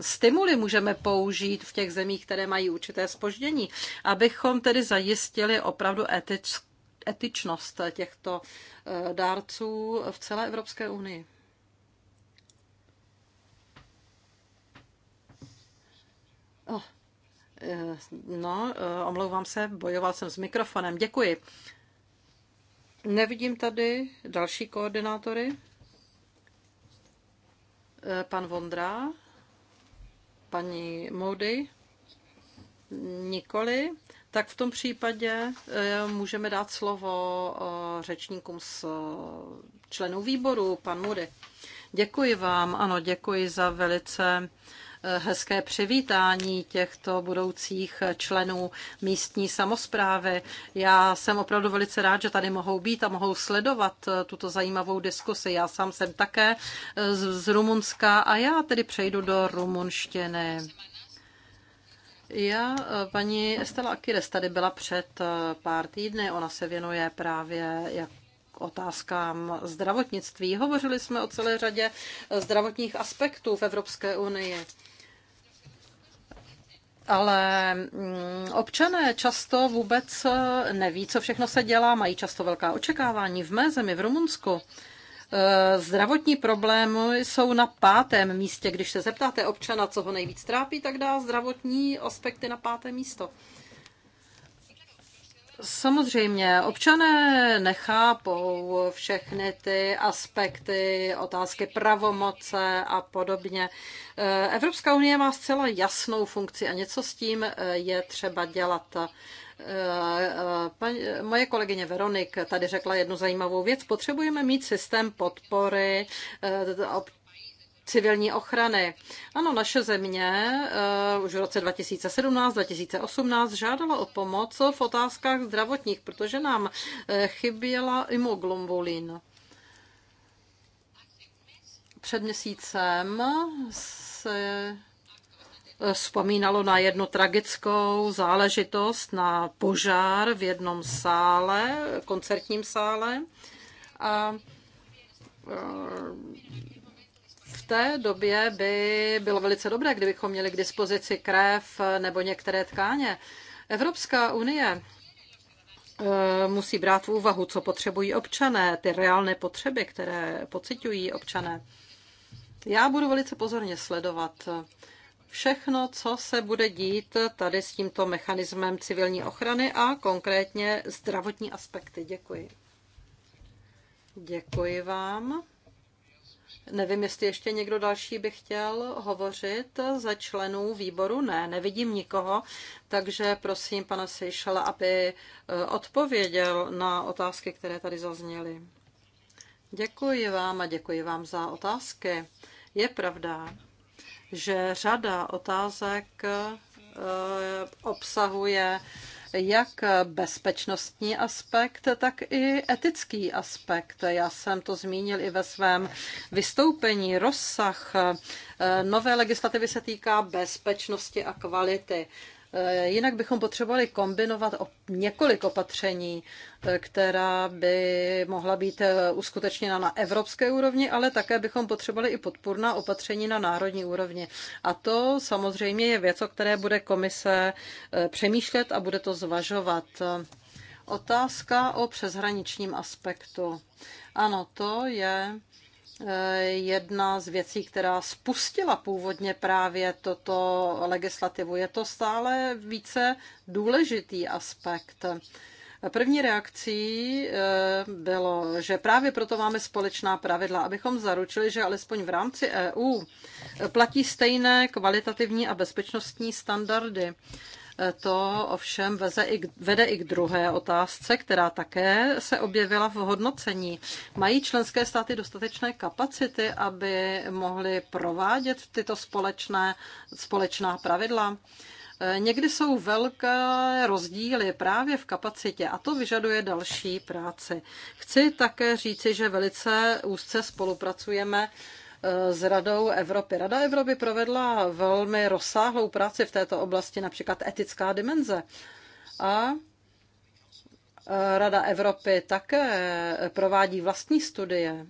stimuly můžeme použít v těch zemích, které mají určité spoždění, abychom tedy zajistili opravdu etickou etičnost těchto eh, dárců v celé Evropské unii. Oh. No, eh, omlouvám se, bojoval jsem s mikrofonem. Děkuji. Nevidím tady další koordinátory. Pan Vondra, paní Moody, nikoli tak v tom případě eh, můžeme dát slovo eh, řečníkům z eh, členů výboru, pan Mury. Děkuji vám, ano, děkuji za velice hezké přivítání těchto budoucích členů místní samozprávy. Já jsem opravdu velice rád, že tady mohou být a mohou sledovat tuto zajímavou diskusi. Já sám jsem také z, z Rumunska a já tedy přejdu do rumunštiny. Já, eh, paní Estela Akires tady byla před eh, pár týdny, ona se věnuje právě jak otázkám zdravotnictví. Hovořili jsme o celé řadě eh, zdravotních aspektů v Evropské unii. Ale mm, občané často vůbec neví, co všechno se dělá, mají často velká očekávání. V mé zemi, v Rumunsku, Eh, zdravotní problémy jsou na pátém místě. Když se zeptáte občana, co ho nejvíc trápí, tak dá zdravotní aspekty na páté místo. Samozřejmě, občané nechápou všechny ty aspekty, otázky pravomoce a podobně. Eh, Evropská unie má zcela jasnou funkci a něco s tím eh, je třeba dělat. Moje kolegyně Veronik tady řekla jednu zajímavou věc. Potřebujeme mít systém podpory eh, civilní ochrany. Ano, naše země uh, už v roce 2017-2018 žádala o pomoc v otázkách zdravotních, protože nám uh, chyběla imoglombulin. Před měsícem se vzpomínalo na jednu tragickou záležitost, na požár v jednom sále, koncertním sále. A eh, v té době by bylo velice dobré, kdybychom měli k dispozici krev nebo některé tkáně. Evropská unie eh, musí brát v úvahu, co potřebují občané, ty reálné potřeby, které pocitují občané. Já budu velice pozorně sledovat všechno, co se bude dít tady s tímto mechanismem civilní ochrany a konkrétně zdravotní aspekty. Děkuji. Děkuji vám. Nevím, jestli ještě někdo další by chtěl hovořit za členů výboru. Ne, nevidím nikoho, takže prosím pana Seychella, aby eh, odpověděl na otázky, které tady zazněly. Děkuji vám a děkuji vám za otázky. Je pravda, že řada otázek eh, obsahuje jak bezpečnostní aspekt, tak i etický aspekt. Já jsem to zmínil i ve svém vystoupení. Rozsah eh, nové legislativy se týká bezpečnosti a kvality. Eh, jinak bychom potřebovali kombinovat několik opatření, eh, která by mohla být eh, uskutečněna na evropské úrovni, ale také bychom potřebovali i podpůrná opatření na národní úrovni. A to samozřejmě je věc, o které bude komise přemýšlet a bude to zvažovat. Otázka o přeshraničním aspektu. Ano, to je jedna z věcí, která spustila původně právě toto legislativu. Je to stále více důležitý aspekt. První reakcí eh, bylo, že právě proto máme společná pravidla, abychom zaručili, že alespoň v rámci EU platí stejné kvalitativní a bezpečnostní standardy. To ovšem veze i, vede i k druhé otázce, která také se objevila v hodnocení. Mají členské státy dostatečné kapacity, aby mohly provádět tyto společné, společná pravidla? Eh, někdy jsou velké rozdíly právě v kapacitě a to vyžaduje další práci. Chci také říci, že velice úzce spolupracujeme Eh, s Radou Evropy. Rada Evropy provedla velmi rozsáhlou práci v této oblasti, například etická dimenze. A eh, Rada Evropy také provádí vlastní studie,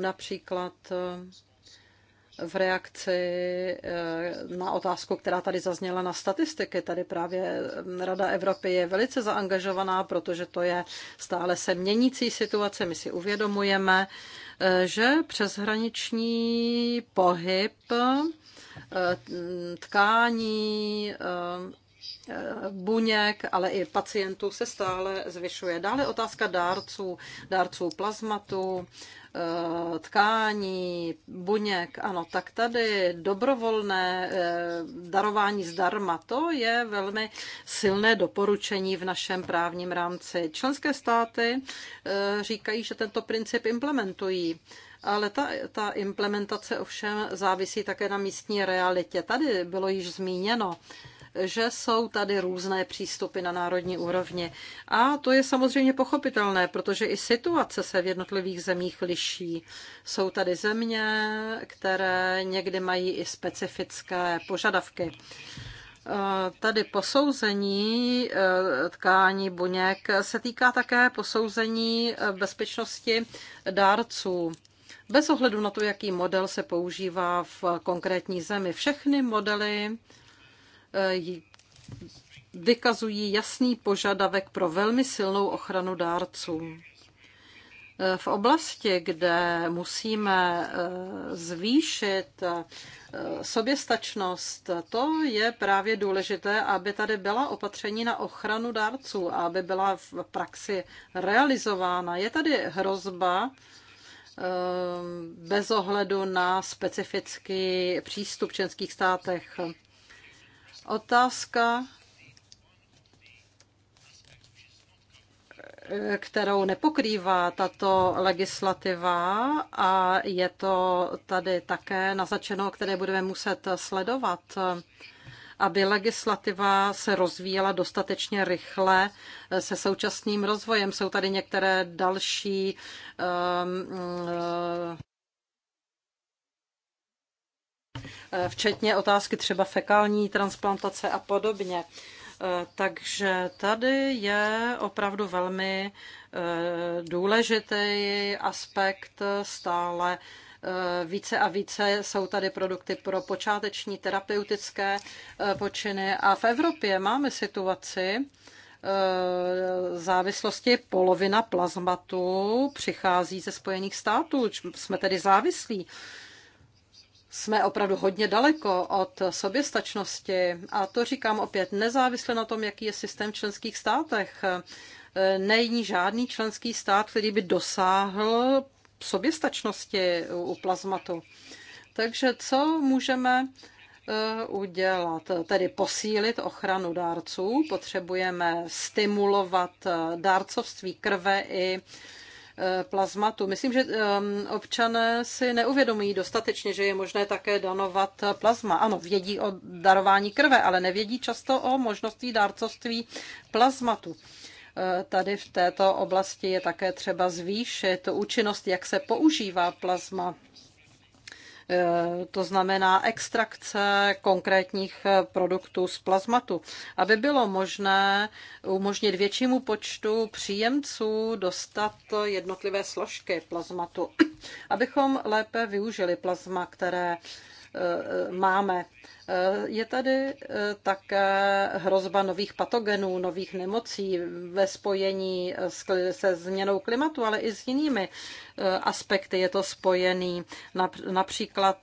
například eh, v reakci na otázku, která tady zazněla na statistiky. Tady právě Rada Evropy je velice zaangažovaná, protože to je stále se měnící situace. My si uvědomujeme, že přeshraniční pohyb eh, tkání, eh, buněk, ale i pacientů se stále zvyšuje. Dále otázka dárců, dárců plazmatu, Eh, tkání, buněk, ano, tak tady dobrovolné eh, darování zdarma, to je velmi silné doporučení v našem právním rámci. Členské státy eh, říkají, že tento princip implementují. Ale ta, ta implementace ovšem závisí také na místní realitě. Tady bylo již zmíněno, že jsou tady různé přístupy na národní úrovni. A to je samozřejmě pochopitelné, protože i situace se v jednotlivých zemích liší. Jsou tady země, které někdy mají i specifické požadavky. Eh, tady posouzení eh, tkání buněk se týká také posouzení eh, bezpečnosti dárců. Bez ohledu na to, jaký model se používá v konkrétní zemi, všechny modely Eh, vykazují jasný požadavek pro velmi silnou ochranu dárců. Eh, v oblasti, kde musíme eh, zvýšit soběstačnost, to je právě důležité, aby tady byla opatření na ochranu dárců a aby byla v praxi realizována. Je tady hrozba bez ohledu na specifický přístup v členských státech. Otázka, kterou nepokrývá tato legislativa a je to tady také nazačeno, které budeme muset sledovat, aby legislativa se rozvíjela dostatečně rychle se současným rozvojem. Jsou tady některé další um, uh, Eh, včetně otázky třeba fekální transplantace a podobně. Eh, takže tady je opravdu velmi eh, důležitý aspekt stále více a více jsou tady produkty pro počáteční terapeutické počiny a v Evropě máme situaci, závislosti polovina plazmatu přichází ze Spojených států. Jsme tedy závislí jsme opravdu hodně daleko od soběstačnosti a to říkám opět nezávisle na tom, jaký je systém v členských státech. Není žádný členský stát, který by dosáhl soběstačnosti u plazmatu. Takže co můžeme eh, udělat? Tedy posílit ochranu dárců, potřebujeme stimulovat eh, dárcovství krve i plazmatu. Myslím, že ehm, občané si neuvědomují dostatečně, že je možné také danovat plazma. Ano, vědí o darování krve, ale nevědí často o možnosti dárcovství plazmatu eh, tady v této oblasti je také třeba zvýšit účinnost, jak se používá plazma. Eh, to znamená extrakce konkrétních eh, produktů z plazmatu, aby bylo možné umožnit většímu počtu příjemců dostat jednotlivé složky plazmatu, abychom lépe využili plazma, které eh, máme. Eh, je tady eh, také hrozba nových patogenů, nových nemocí ve spojení eh, se změnou klimatu, ale i s jinými aspekty je to spojený. Například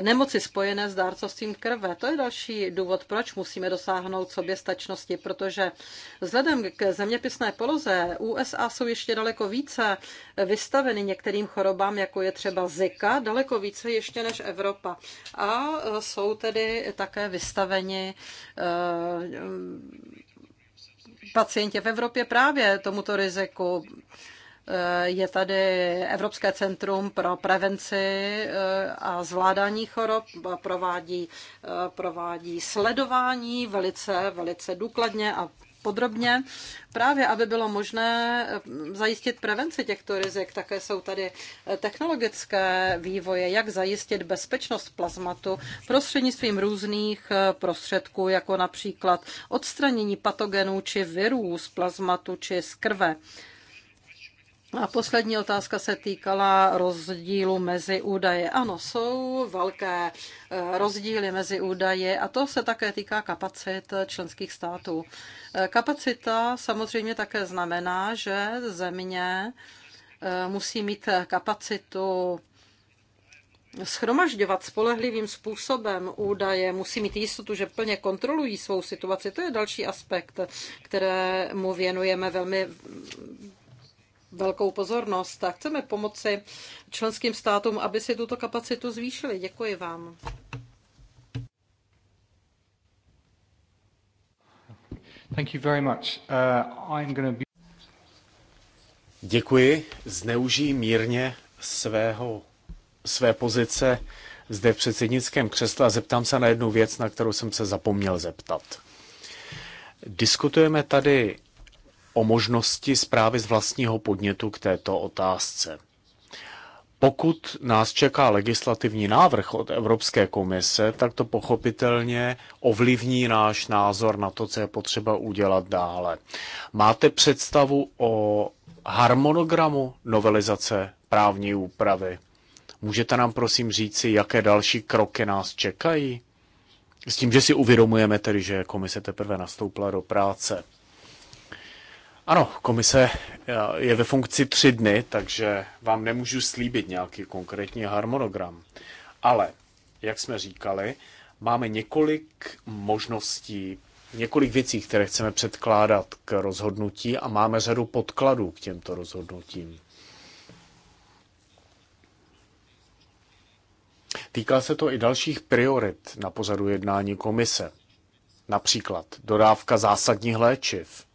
nemoci spojené s dárcovstvím krve. To je další důvod, proč musíme dosáhnout soběstačnosti, protože vzhledem k zeměpisné poloze USA jsou ještě daleko více vystaveny některým chorobám, jako je třeba Zika, daleko více ještě než Evropa. A jsou tedy také vystaveni eh, pacienti v Evropě právě tomuto riziku. Eh, je tady Evropské centrum pro prevenci eh, a zvládání chorob, provádí, provádí sledování velice, velice důkladně a podrobně, právě aby bylo možné eh, zajistit prevenci těchto rizik. Také jsou tady eh, technologické vývoje, jak zajistit bezpečnost plazmatu prostřednictvím různých eh, prostředků, jako například odstranění patogenů či virů z plazmatu či z krve. A poslední otázka se týkala rozdílu mezi údaje. Ano, jsou velké eh, rozdíly mezi údaje a to se také týká kapacit členských států. Eh, kapacita samozřejmě také znamená, že země eh, musí mít kapacitu schromažďovat spolehlivým způsobem údaje, musí mít jistotu, že plně kontrolují svou situaci. To je další aspekt, kterému věnujeme velmi velkou pozornost a chceme pomoci členským státům, aby si tuto kapacitu zvýšili. Děkuji vám. Thank you very much. Uh, I'm gonna be... Děkuji. Zneužijí mírně svého, své pozice zde v předsednickém křesle a zeptám se na jednu věc, na kterou jsem se zapomněl zeptat. Diskutujeme tady o možnosti zprávy z vlastního podnětu k této otázce. Pokud nás čeká legislativní návrh od Evropské komise, tak to pochopitelně ovlivní náš názor na to, co je potřeba udělat dále. Máte představu o harmonogramu novelizace právní úpravy? Můžete nám prosím říci, jaké další kroky nás čekají? S tím, že si uvědomujeme tedy, že komise teprve nastoupila do práce. Ano, komise eh, je ve funkci tři dny, takže vám nemůžu slíbit nějaký konkrétní harmonogram. Ale, jak jsme říkali, máme několik možností, několik věcí, které chceme předkládat k rozhodnutí a máme řadu podkladů k těmto rozhodnutím. Týká se to i dalších priorit na pozadu jednání komise. Například dodávka zásadních léčiv,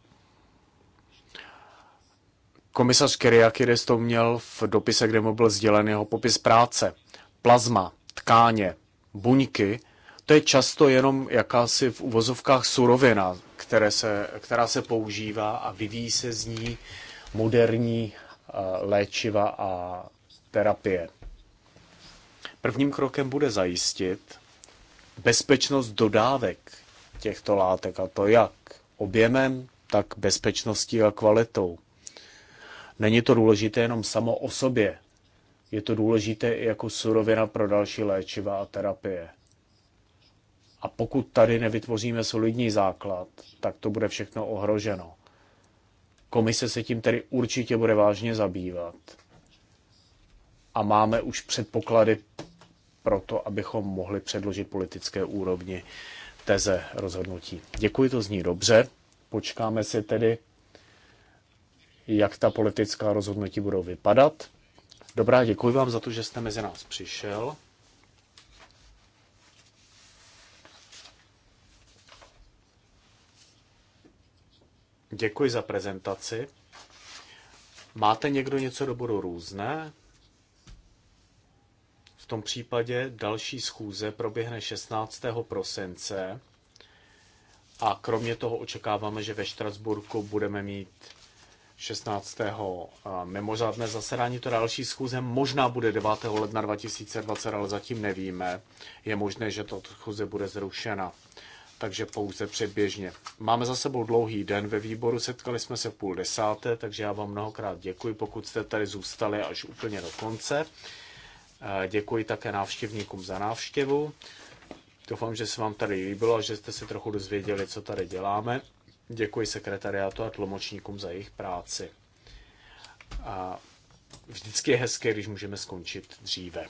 Komisař Kyriakides to měl v dopise, kde mu byl sdělen jeho popis práce. Plazma, tkáně, buňky, to je často jenom jakási v uvozovkách surovina, které se, která se používá a vyvíjí se z ní moderní eh, léčiva a terapie. Prvním krokem bude zajistit bezpečnost dodávek těchto látek, a to jak objemem, tak bezpečností a kvalitou. Není to důležité jenom samo o sobě, je to důležité i jako surovina pro další léčiva a terapie. A pokud tady nevytvoříme solidní základ, tak to bude všechno ohroženo. Komise se tím tedy určitě bude vážně zabývat. A máme už předpoklady pro to, abychom mohli předložit politické úrovni teze rozhodnutí. Děkuji, to zní dobře. Počkáme si tedy jak ta politická rozhodnutí budou vypadat. Dobrá, děkuji vám za to, že jste mezi nás přišel. Děkuji za prezentaci. Máte někdo něco do bodu různé? V tom případě další schůze proběhne 16. prosince a kromě toho očekáváme, že ve Štrasburku budeme mít 16. mimořádné zasedání. To další schůze možná bude 9. ledna 2020, ale zatím nevíme. Je možné, že to schůze bude zrušena. Takže pouze předběžně. Máme za sebou dlouhý den ve výboru, setkali jsme se v půl desáté, takže já vám mnohokrát děkuji, pokud jste tady zůstali až úplně do konce. Děkuji také návštěvníkům za návštěvu. Doufám, že se vám tady líbilo a že jste se trochu dozvěděli, co tady děláme. Děkuji sekretariátu a tlumočníkům za jejich práci. A vždycky je hezké, když můžeme skončit dříve.